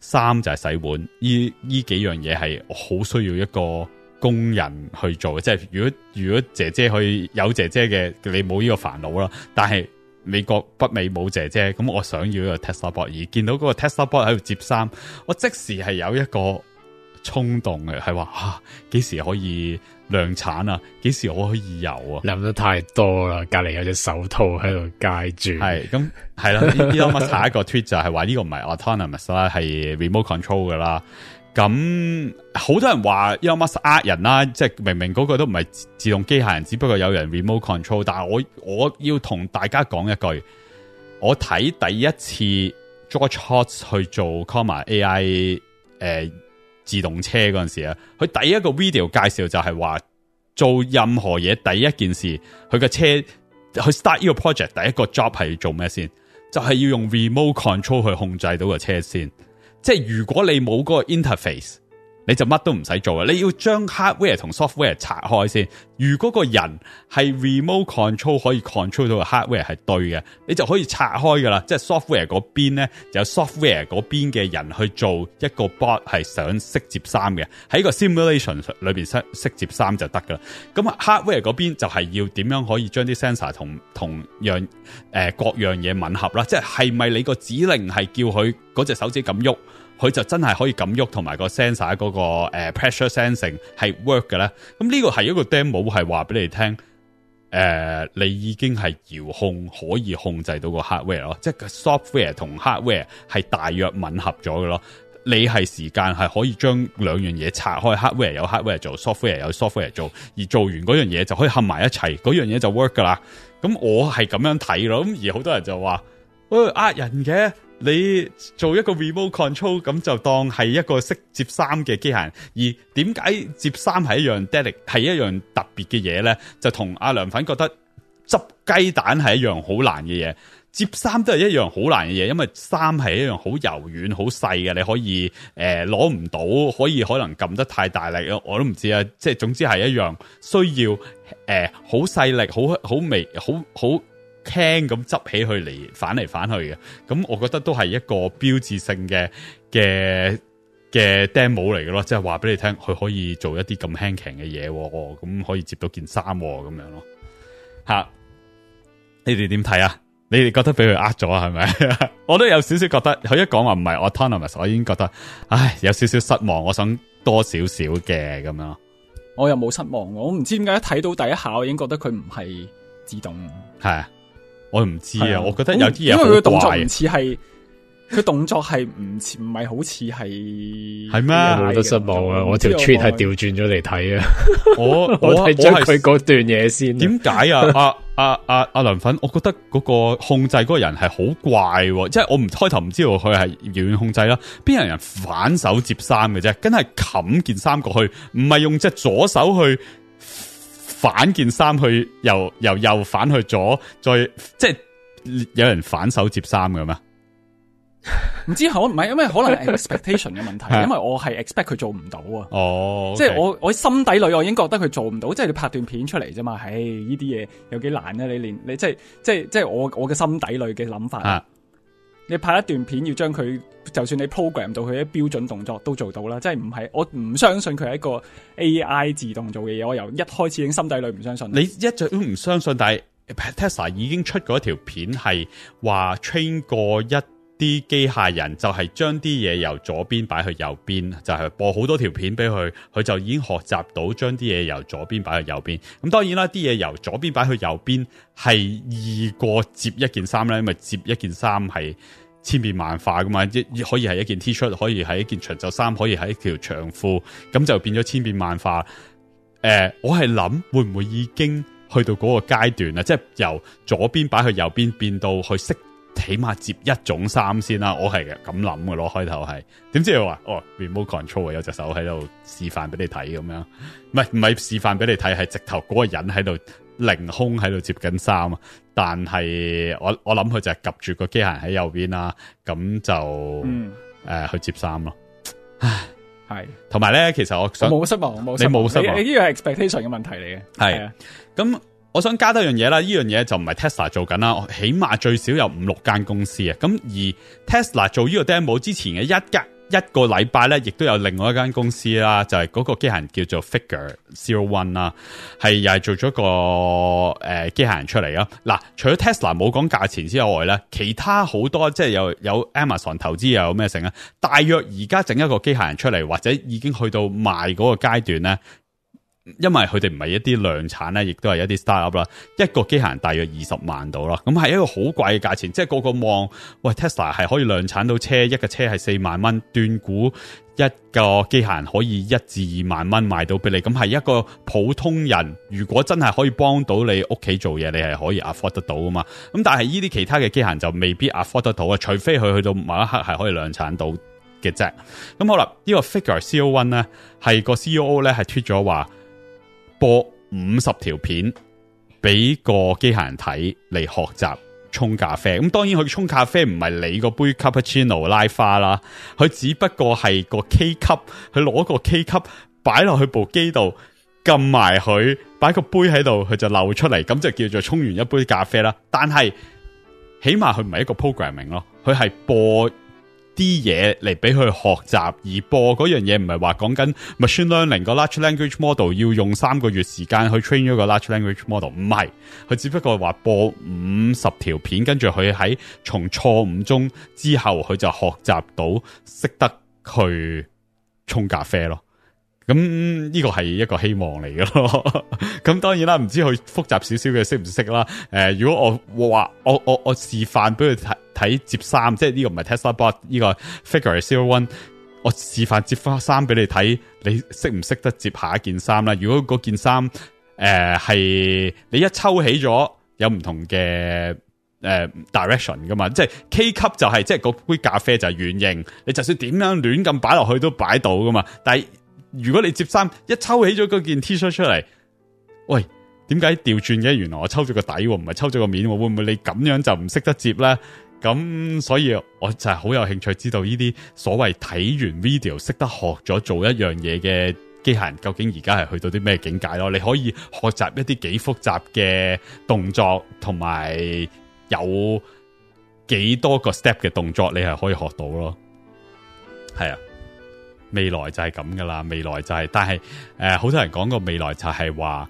三就係洗碗，依依幾樣嘢係好需要一個。工人去做嘅，即係如果如果姐姐去有姐姐嘅，你冇呢個煩惱啦。但係美國北美冇姐姐，咁我想要個 Tesla 博爾，見到嗰個 Tesla r 爾喺度接衫，我即時係有一個衝動嘅，係話啊幾時可以量產啊？幾時我可以有啊？諗得太多啦，隔籬有隻手套喺度介住，係咁係啦。呢粒乜下一個 tweet 就係話呢個唔係 autonomous 是啦，係 remote control 噶啦。咁好多人話 Musk 呃人啦，即係明明嗰個都唔係自動機械人，只不過有人 remote control 但。但係我我要同大家講一句，我睇第一次 George Hotz 去做 comma AI 誒、呃，自動車嗰陣時啊，佢第一個 video 介紹就係話做任何嘢第一件事，佢個車去 start 呢個 project，第一個 job 係做咩先？就係、是、要用 remote control 去控制到個車先。即係如果你冇嗰個 interface，你就乜都唔使做啦。你要將 hardware 同 software 拆開先。如果個人係 remote control 可以 control 到個 hardware 係對嘅，你就可以拆開噶啦。即係 software 嗰邊呢就有 software 嗰邊嘅人去做一個 bot 係想識摺衫嘅，喺個 simulation 裏邊識,識摺衫就得噶啦。咁 hardware 嗰邊就係要點樣可以將啲 sensor 同同樣誒、呃、各樣嘢吻合啦。即係係咪你個指令係叫佢嗰隻手指咁喐？佢就真係可以咁喐，同埋個 sensor 嗰、嗰個誒、呃、pressure sensing 係 work 嘅咧。咁呢個係一個 demo，係話俾你聽，誒、呃，你已經係遙控可以控制到個 hardware 咯，即係個 software 同 hardware 係大約吻合咗嘅咯。你係時間係可以將兩樣嘢拆開 ，hardware 有 hardware 做 ，software 有 software 做，而做完嗰樣嘢就可以合埋一齊，嗰樣嘢就 work 噶啦。咁我係咁樣睇咯，咁而好多人就話，喂，呃人嘅。你做一個 remote control 咁就當係一個識摺衫嘅機械人，而點解摺衫係一樣 delic 係一樣特別嘅嘢咧？就同阿良粉覺得執雞蛋係一樣好難嘅嘢，摺衫都係一樣好難嘅嘢，因為衫係一樣好柔軟、好細嘅，你可以誒攞唔到，可以可能撳得太大力咯，我都唔知啊。即係總之係一樣需要誒好細力、好好微好好。輕咁執起佢嚟，反嚟反去嘅，咁我覺得都係一個標誌性嘅嘅嘅 demo 嚟嘅咯，即係話俾你聽，佢可以做一啲咁輕輕嘅嘢，咁、哦、可以接到件衫咁樣咯。吓，你哋點睇啊？你哋、啊、覺得俾佢呃咗係咪？ 我都有少少覺得，佢一講話唔係 autonomous，我已經覺得，唉，有少少失望。我想多少少嘅咁樣，我又冇失望，我唔知點解一睇到第一下，我已經覺得佢唔係自動係。我唔知啊，啊，我覺得有啲嘢，因為佢動作唔似係，佢 動作係唔似唔係好似係係咩？冇得失望啊！我條 tweet 係調轉咗嚟睇啊！我我睇咗佢嗰段嘢先。點解啊？啊啊啊阿梁粉，我覺得嗰個控制嗰個人係好怪，即 係我唔開頭唔知道佢係遙遠控制啦。邊有人反手接衫嘅啫，梗係冚件衫過去，唔係用隻左手去。反件衫去，由由反去左，再即係有人反手接衫嘅咩？唔知可唔係？因為可能 expectation 嘅問題， 因為我係 expect 佢做唔到啊！哦，okay，即係我我心底裏，我已經覺得佢做唔到，即係你拍段片出嚟啫嘛。唉、哎，呢啲嘢有幾難啊？你連你，你即係即係即係我我嘅心底裏嘅諗法。啊你拍一段片要將佢，就算你 program 到佢啲標準動作都做到啦，即係唔係？我唔相信佢係一個 AI 自動做嘅嘢，我由一開始已經心底裏唔相信。你一直都唔相信，但係 Tesla 已經出過一條片係話 train 過一，啲機械人就係將啲嘢由左邊擺去右邊，就係播好多條片俾佢，佢就已經學習到將啲嘢由左邊擺去右邊。咁當然啦，啲嘢由左邊擺去右邊係易過摺一件衫啦，因為摺一件衫係千變萬化噶嘛，亦可以係一件 T 恤，可以係一件長袖衫，可以係一條長褲，咁就變咗千變萬化。誒、呃，我係諗會唔會已經去到嗰個階段啦？即係由左邊擺去右邊變到去識。起碼接一種衫先啦，我係咁諗嘅，攞開頭係，點知佢話哦，remote control 啊，有隻手喺度示範俾你睇咁樣，唔係唔係示範俾你睇，係直頭嗰個人喺度凌空喺度接緊衫，但係我我諗佢就係夾住個機械人喺右邊啦，咁就誒、嗯呃、去接衫咯，係，同埋咧，其實我想冇失,失望，你冇失望，呢個係 expectation 嘅問題嚟嘅，係，咁、啊。我想加多樣嘢啦，呢樣嘢就唔係 Tesla 做緊啦，起碼最少有五六間公司啊。咁而 Tesla 做呢個 demo 之前嘅一日一個禮拜咧，亦都有另外一間公司啦，就係、是、嗰個機械人叫做 Figure Zero One 啦，係又係做咗個誒機械人出嚟咯。嗱，除咗 Tesla 冇講價錢之外咧，其他好多即係有有 Amazon 投資又有咩成啊？大約而家整一個機械人出嚟，或者已經去到賣嗰個階段咧？因為佢哋唔係一啲量產咧，亦都係一啲 startup 啦。一個機械人大約二十萬到啦，咁係一個好貴嘅價錢。即係個個望，喂 Tesla 係可以量產到車，一個車係四萬蚊，斷估一個機械人可以一至二萬蚊賣到俾你。咁係一個普通人，如果真係可以幫到你屋企做嘢，你係可以 afford 得到嘛？咁但係呢啲其他嘅機械人就未必 afford 得到啊，除非佢去到某一刻係可以量產到嘅啫。咁好啦，呢個 figure CO one 咧係個 COO 咧係 tweet 咗話。播五十條片俾個機械人睇嚟學習沖咖啡。咁當然佢沖咖啡唔係你個杯 cappuccino 拉花啦，佢只不過係個 K 級，佢攞個 K 級擺落去部機度，撳埋佢，擺個杯喺度，佢就漏出嚟，咁就叫做沖完一杯咖啡啦。但係起碼佢唔係一個 programming 咯，佢係播啲嘢嚟俾佢學習而播嗰樣嘢，唔係話講緊 machine learning 個 large language model 要用三個月時間去 train 咗個 large language model，唔係，佢只不過話播五十條片，跟住佢喺從錯誤中之後佢就學習到識得去沖咖啡咯。咁呢個係一個希望嚟嘅咯。 咁當然啦，唔知佢複雜少少嘅識唔識啦。誒、呃，如果我我話我我我示範俾佢睇睇接衫，即係呢個唔係 Tesla Bot 呢個 Figure 01我示範接翻衫俾你睇，你識唔識得接下一件衫啦？如果嗰件衫誒係你一抽起咗，有唔同嘅誒、呃、direction 噶嘛？即係 K 級就係、是，即係杯咖啡就係圓形，你就算點樣亂咁擺落去都擺到噶嘛。但係。如果你接衫一抽起咗嗰件 T 恤出嚟，喂，點解調轉嘅？原來我抽咗個底，唔係抽咗個面，會唔會你咁樣就唔識得接咧？咁所以我就係好有興趣知道呢啲所謂睇完 video 識得學咗做一樣嘢嘅機械人究竟而家係去到啲咩境界咯。你可以學習一啲幾複雜嘅動作，同埋有幾多個 step 嘅動作，你係可以學到咯。係啊。未來就係咁噶啦。未來就係、是，但係誒，好、呃、多人講過未來就係話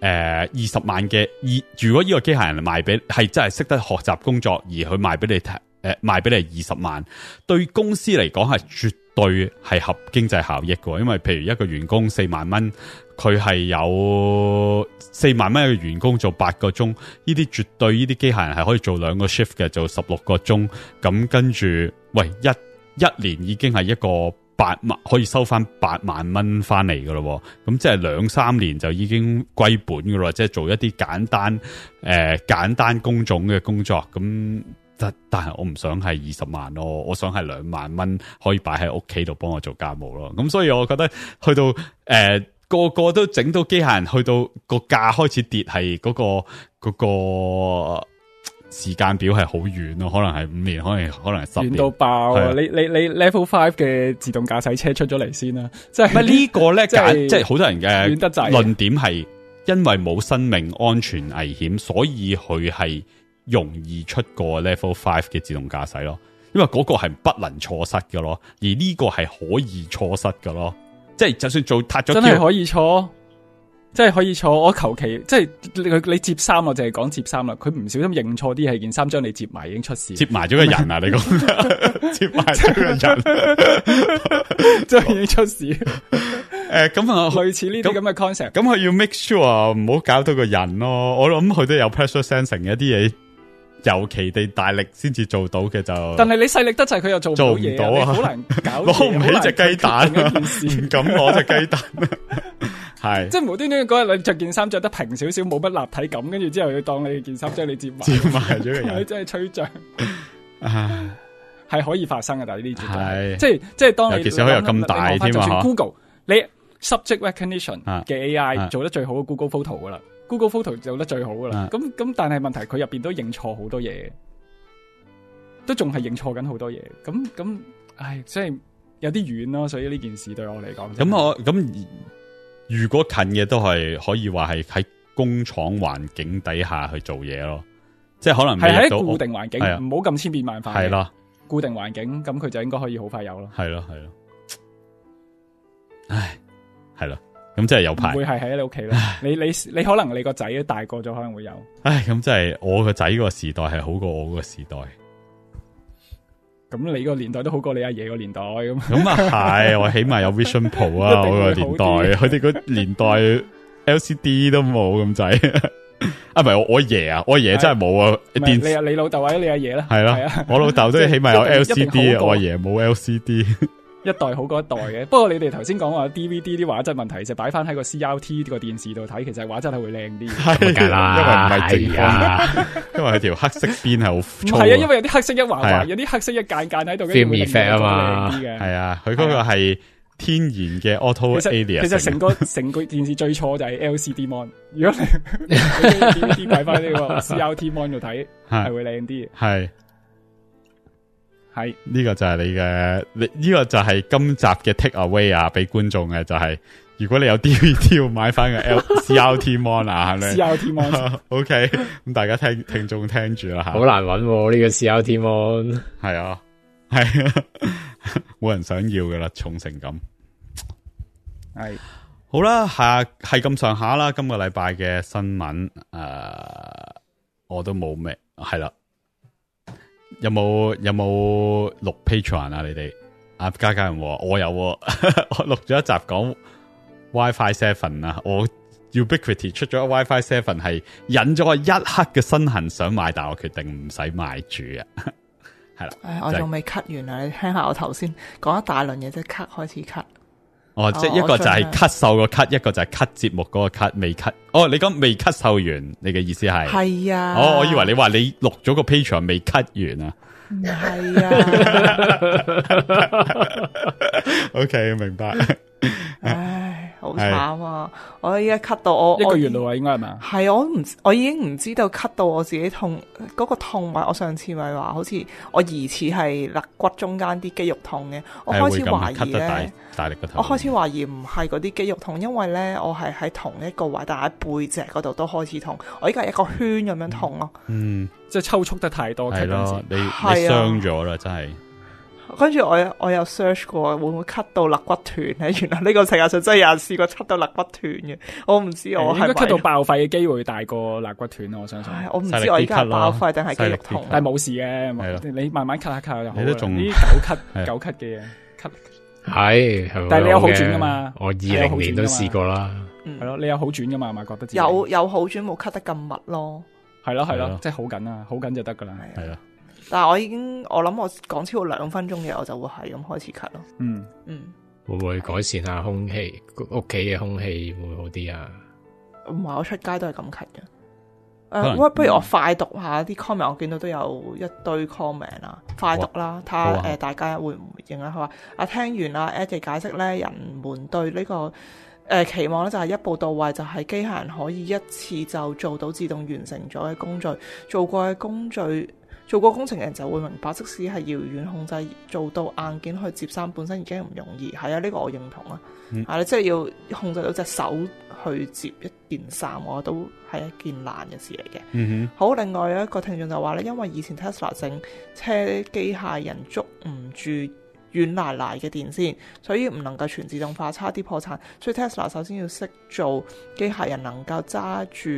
誒二十萬嘅二。如果呢個機械人賣俾係真係識得學習工作，而去賣俾你，誒、呃、賣俾你二十萬，對公司嚟講係絕對係合經濟效益噶。因為譬如一個員工四萬蚊，佢係有四萬蚊嘅員工做八個鐘，呢啲絕對呢啲機械人係可以做兩個 shift 嘅，做十六個鐘咁跟住，喂一一年已經係一個。八萬可以收翻八萬蚊翻嚟噶咯，咁即係兩三年就已經歸本噶喇。即係做一啲簡單誒、呃、簡單工種嘅工作咁，但但係我唔想係二十萬咯，我想係兩萬蚊可以擺喺屋企度幫我做家務咯。咁所以我覺得去到誒、呃、個個都整到機械人，去到個價開始跌係嗰個嗰個。嗰個時間表係好遠咯，可能係五年，可能可能係十年到爆，啊啊你。你你你 Level Five 嘅自動駕駛車出咗嚟先啦，即係唔係呢個咧，就是？即係好多人嘅論點係因為冇生命安全危險，所以佢係容易出過 Level Five 嘅自動駕駛咯。因為嗰個係不能錯失㗎咯，而呢個係可以錯失㗎咯。即係就算做踏咗，真係可以錯。即係可以坐，我求其即係你，你，你接衫我淨係講接衫啦。佢唔小心認錯啲係件衫，將你接埋已經出事。接埋咗個人啊！你 講 接埋咗個人，即係已經出事。誒，咁啊，類似呢啲咁嘅 concept，咁佢要 make sure 唔好搞到個人咯。我諗佢都有 pressure sensing 一啲嘢，尤其地大力先至做到嘅就。但係你細力得滯，佢又做唔到啊！好、啊、難搞，攞唔起隻雞蛋咁攞隻雞蛋、啊。 係，即係無端端嗰日你着件衫着得平少少，冇乜立體感，跟住之後要當你件衫將你折埋，折埋咗佢， 真係吹脹，係 可以發生嘅。但係呢啲，即係即係當你其實可以有咁大添嘛。就 Google、啊、你 subject recognition 嘅、啊、AI 做得最好，Google Photo 噶啦，Google Photo 做得最好噶啦。咁、啊、咁、啊，但係問題佢入邊都認錯好多嘢，都仲係認錯緊好多嘢。咁咁，唉，即係有啲遠咯。所以呢件事對我嚟講，咁我咁。如果近嘅都係可以話係喺工廠環境底下去做嘢咯，即係可能係喺固定環境，唔好咁千變萬化。係啦，固定環境咁佢就應該可以好快有咯。係咯，係咯。唉，係啦，咁即係有排唔會係喺你屋企啦。你你你，你可能你個仔大個咗，可能會有。唉，咁即係我個仔個時代係好過我個時代。咁你個年代都好過你阿爺個年代咁。咁啊係， 我起碼有 Vision Pro 啊，我年個年代，佢哋個年代 LCD 都冇咁滯。 啊唔係我阿爺啊，我阿爺真係冇啊。哎、電係你你老豆或者你阿爺啦，係啊。 是啊 我老豆都起碼有 LCD，我阿爺冇 LCD。 一代好過一代嘅，不過你哋頭先講話 D V D 啲畫質問題，就擺翻喺個 C R T 個電視度睇，其實畫質係會靚啲。係啦，因為唔係正啊，因為佢條黑色邊係好粗。係啊，因為有啲黑色一環環，有啲黑色一間間喺度 f e me f 啊嘛。係啊，佢嗰個係天然嘅 auto aliasing。其實成個成個電視最錯就係 L C D mon。如果你 D V D 擺翻喺個 C R T mon 度睇，係會靚啲。係。係呢、這個就係你嘅，呢、這個就係今集嘅 take away 啊，俾觀眾嘅、啊、就係、是，如果你有 D V D 要買翻個 C R T mon 啊 吧，C R T mon，OK， okay，咁大家聽聽眾聽住啦，好難揾呢個 C R T mon，係啊，係 啊，冇、啊、 人想要噶啦，重成咁，係好啦，係啊，係咁上下啦，今個禮拜嘅新聞誒、呃，我都冇咩，係啦、啊。有冇有冇錄 Patreon 啊？你哋啊，嘉嘉人我有、啊， 我錄咗一集講 WiFi Seven 啊，我 Ubiquity 出咗 WiFi Seven 係引咗我一刻嘅身痕想買，但我決定唔使買住啊。係 啦、哎，我仲未 cut 完啊、就是，你聽下我頭先講一大輪嘢即 cut 開始 cut。哦，即係一個就係咳嗽個咳，一個就係咳節目嗰個咳未咳。Ut, 哦，你講未咳嗽完，你嘅意思係？係啊！哦，我以為你話你錄咗個 picture 未咳完啊？唔係啊。OK，明白。 唉。好慘啊！我依家咳到我一個我原來喎，應該係咪？係我唔，我已經唔知道咳到我自己痛嗰個痛啊！我上次咪話，好似我疑似係肋骨中間啲肌肉痛嘅，我開始懷疑咧，大力個頭。我開始懷疑唔係嗰啲肌肉痛，因為咧我係喺同一個位，但係喺背脊嗰度都開始痛。我依家一個圈咁樣痛咯、啊嗯。嗯，即係抽搐得太多，係咯，你你傷咗啦，真係。跟住我，我有 search 過會唔會 cut 到肋骨斷？原來呢個世界上真係有人試過 cut 到肋骨斷嘅。我唔知我係咪 cut 到爆肺嘅機會大過肋骨斷，我相信。我唔知我而家爆肺，定係肌肉痛，但係冇事嘅。你慢慢 cut 下 cut 就好啦。你都仲？啲九 cut 嘅嘢 cut。係，但係你有好轉噶嘛？我二零年都試過啦。係咯，你有好轉噶嘛？我、嗯、覺得自己有有好轉，冇 cut 得咁密咯。係咯係咯，即係、就是、好緊啦，好緊就得噶啦。係啊。但係我已經，我諗我講超過兩分鐘嘅，我就會係咁開始咳 u t 咯。嗯嗯，會唔會改善下空氣屋企嘅空氣會,會好啲啊？唔係，我出街都係咁咳。u 嘅。誒，不如我快讀下啲、嗯、comment，我見到都有一堆 comment 啦，快讀啦，睇下誒、呃，大家會唔會認啊？佢話啊，聽完啦，阿 Ed 解釋咧，人們對呢、這個誒、呃、期望咧就係一步到位，就係、是、機械人可以一次就做到自動完成咗嘅工序，做過嘅工序。做過工程嘅人就會明白，即使係遙遠控制做到硬件去接衫，本身已經唔容易。係啊，呢、這個我認同啊、嗯。啊，你即係要控制到隻手去接一件衫，我都係一件難嘅事嚟嘅、嗯。好，另外有一個聽眾就話咧，因為以前 Tesla 整車機械人捉唔住軟拉拉嘅電線，所以唔能夠全自動化，差啲破產。所以 Tesla 首先要識做機械人，能夠揸住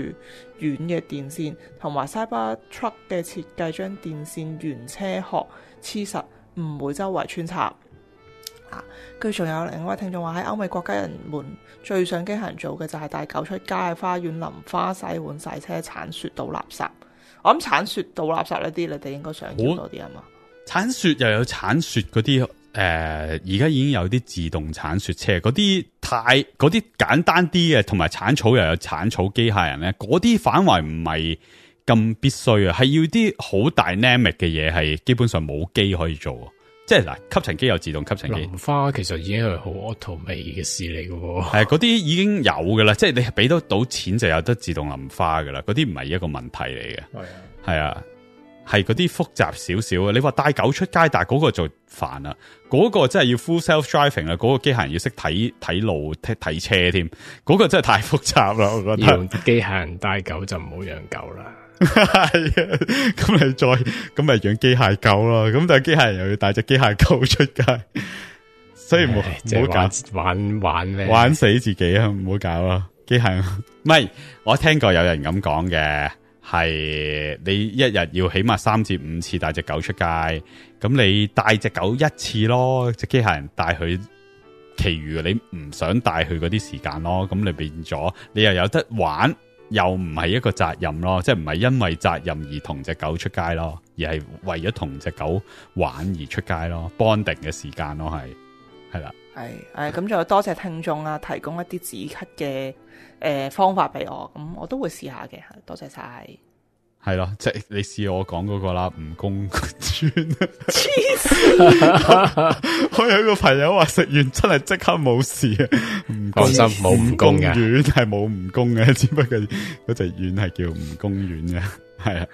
軟嘅電線，同埋 Cybertruck 嘅設計，將電線沿車殼黐實，唔會周圍穿插。佢、啊、仲有另外一位聽眾話喺歐美國家，人們最想機械人做嘅就係帶狗出街花、花園淋花、洗碗、洗碗洗車、鏟雪、倒垃圾。我諗鏟雪倒垃圾呢啲，你哋應該想知多啲啊嘛！鏟、哦、雪又有鏟雪嗰啲。誒、呃，而家已經有啲自動鏟雪車，嗰啲太嗰啲簡單啲嘅，同埋鏟草又有鏟草機械人咧，嗰啲反為唔係咁必須啊，係要啲好 dynamic 嘅嘢，係基本上冇機可以做，即係嗱，吸塵機有自動吸塵機，淋花其實已經係好 auto 味嘅事嚟㗎，係嗰啲已經有㗎啦，即係你俾得到錢，就有得自動淋花噶啦，嗰啲唔係一個問題嚟嘅，係啊。係嗰啲複雜少少嘅。你話帶狗出街，但係嗰個就煩啦，嗰個真係要 full self driving 啦，嗰個機械人要識睇睇路，睇車添，嗰個真係太複雜啦，我覺得。用機械人帶狗就唔好養狗啦。係啊，咁你再咁咪養機械狗咯，咁但係機械人又要帶隻機械狗出街，所以唔好，就是，搞玩玩咩，玩死自己啊！唔好搞啦，機械人唔係 我聽過有人咁講嘅。係你一日要起碼三至五次帶隻狗出街，咁你帶隻狗一次咯，隻機械人帶佢，其餘你唔想帶佢嗰啲時間咯，咁你變咗你又有得玩，又唔係一個責任咯，即係唔係因為責任而同隻狗出街咯，而係為咗同隻狗玩而出街咯，bonding 嘅時間咯，係係啦，係係咁仲有多謝聽眾啦，提供一啲止咳嘅。誒、呃，方法俾我，咁我都會試下嘅。多謝晒，係咯，即係你試我講嗰個啦，蜈蚣丸 經病 。我有一個朋友話食完真係即刻冇事，唔放心冇蜈蚣嘅，係冇蜈蚣嘅，只不過嗰隻丸係叫蜈蚣丸嘅，係啊。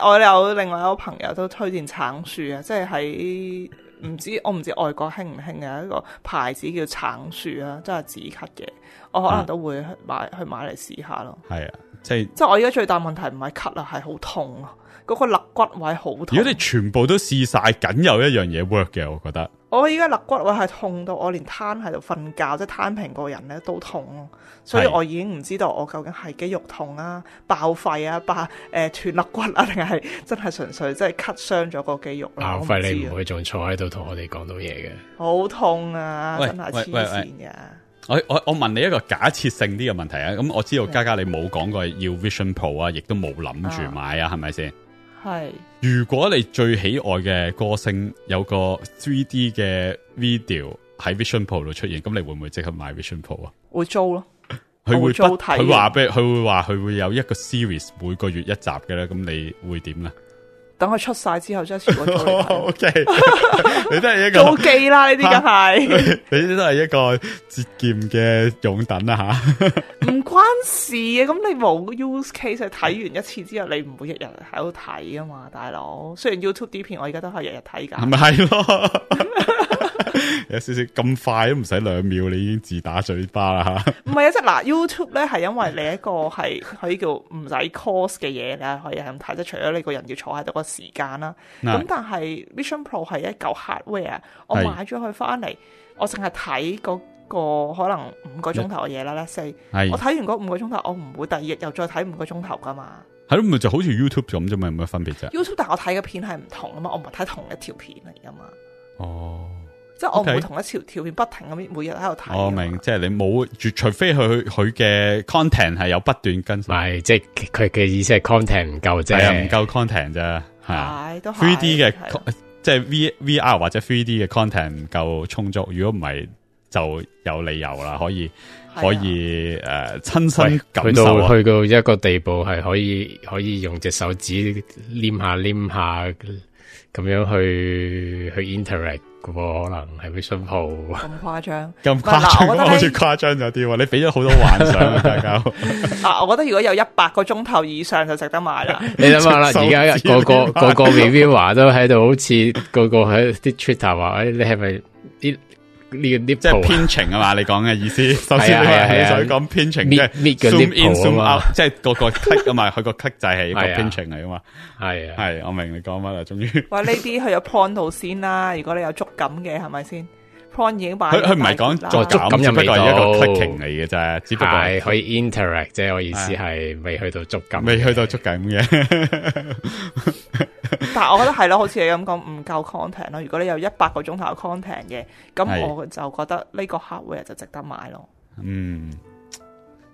我我有另外一個朋友都推薦橙樹啊，即係喺唔知我唔知外國興唔興嘅，一個牌子叫橙樹啊，真係止咳嘅。我可能都會去買去買嚟、嗯、試下咯。係啊，即、就、係、是、即我而家最大問題唔係咳啊，係好痛啊，嗰、那個肋骨位好痛。如果你全部都試晒，梗有一樣嘢 work 嘅，我覺得。我而家肋骨位係痛到我連攤喺度瞓覺，即係攤平個人咧都痛咯。所以我已經唔知道我究竟係肌肉痛啊、爆肺啊、爆誒、呃、斷肋骨啊，定係真係純粹即係咳傷咗個肌肉啦。爆肺、啊、你唔會仲坐喺度同我哋講到嘢嘅。好痛啊！真係黐線㗎～我我我問你一個假設性啲嘅問題啊，咁我知道嘉嘉你冇講過要 Vision Pro 啊，亦都冇諗住買啊，係咪先？係。如果你最喜愛嘅歌星有個 3D 嘅 video 喺 Vision Pro 度出現，咁你會唔會即刻買 Vision Pro 啊？會租咯，佢會租佢話俾佢會話佢會，會，會有一個 series 每個月一集嘅咧，咁你會點咧？等佢出晒之後，即係全部都好你都係一個好忌 啦，呢啲梗係，你啲都係一個節儉嘅擁躉啦嚇。唔 關事嘅、啊，咁你冇 use case 睇、啊、完一次之後，你唔會日日喺度睇啊嘛，大佬。雖然 YouTube 啲片我，我而家都係日日睇噶。唔係咯。 有少少咁快都唔使兩秒，你已經自打嘴巴啦吓！唔 係啊，即嗱，YouTube 咧係因為你一個係可以叫唔使 cause 嘅嘢啦，可以咁睇。即除咗你個人要坐喺度個時間啦，咁但係 Vision Pro 係一嚿 hardware，我買咗佢翻嚟，我淨係睇嗰個可能五個鐘頭嘅嘢啦，咧四。我睇完嗰五個鐘頭，我唔會第二日又再睇五個鐘頭噶嘛。係咯，咪就好似 YouTube 咁啫嘛，有乜分別啫？YouTube 但我睇嘅片係唔同啊嘛，我唔係睇同一條片嚟噶嘛。哦。Okay. 即係我唔會同一條條片不停咁每日喺度睇。我明，即係你冇，除除非佢佢嘅 content 係有不斷更新。唔係，即係佢嘅意思係 content 唔夠啫，唔、啊、夠 content 啫。係、啊。three D 嘅即係 V V R 或者 three D 嘅 content 唔夠充足，如果唔係就有理由啦，可以 可以誒、啊呃、親身感受去到去到一個地步係可以可以用隻手指黏下黏下。咁樣去去 interact 個可能係會信鋪咁誇張，咁誇張好似誇張咗啲喎，你俾咗好多幻想，啊、 大家。啊，我覺得如果有一百個鐘頭以上就值得買啦。你諗下啦，而家個個個個 v i v i 話都喺度，好似個個喺啲 Twitter 話，你係咪啲？呢啲即係編程啊嘛，你講嘅意思， 首先、啊啊、你想講編程嘅 sum in sum out，, in, out 即係個個 cut 啊嘛，佢 個 cut 就係個編程嚟啊嘛。係啊，係、啊啊啊，我明你講乜啦，終於。喂、啊，呢啲佢有 point 到先啦，如果你有觸感嘅係咪先？已經佢唔係講再觸感嘅味道，是一個 clicking 嚟嘅啫，係可以 interact，即係我意思係未去到捉感，未去到捉感嘅。感 但係我覺得係咯，好似你咁講，唔夠 content 咯。如果你有一百個鐘頭 content 嘅，咁我就覺得呢個客 a 就值得買咯。嗯，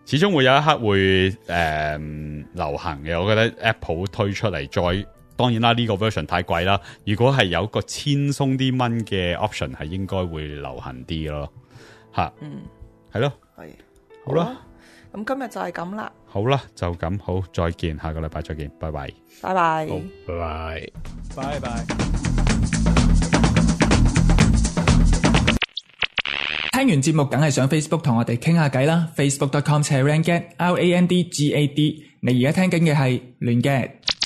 始終會有一刻會誒、呃、流行嘅。我覺得 Apple 推出嚟再。當然啦，呢、這個 version 太貴啦。如果係有個千鬆啲蚊嘅 option，係應該會流行啲咯。吓、啊，嗯，係咯，係，好啦。咁今日就係咁啦。好啦、嗯，就咁好，再見，下個禮拜再見，拜拜，拜拜，拜拜，拜拜。聽完節目，梗係上 Facebook 同我哋傾下偈啦。Facebook.com c a r a n g a t l a n d g a d。你而家聽緊嘅係亂 get。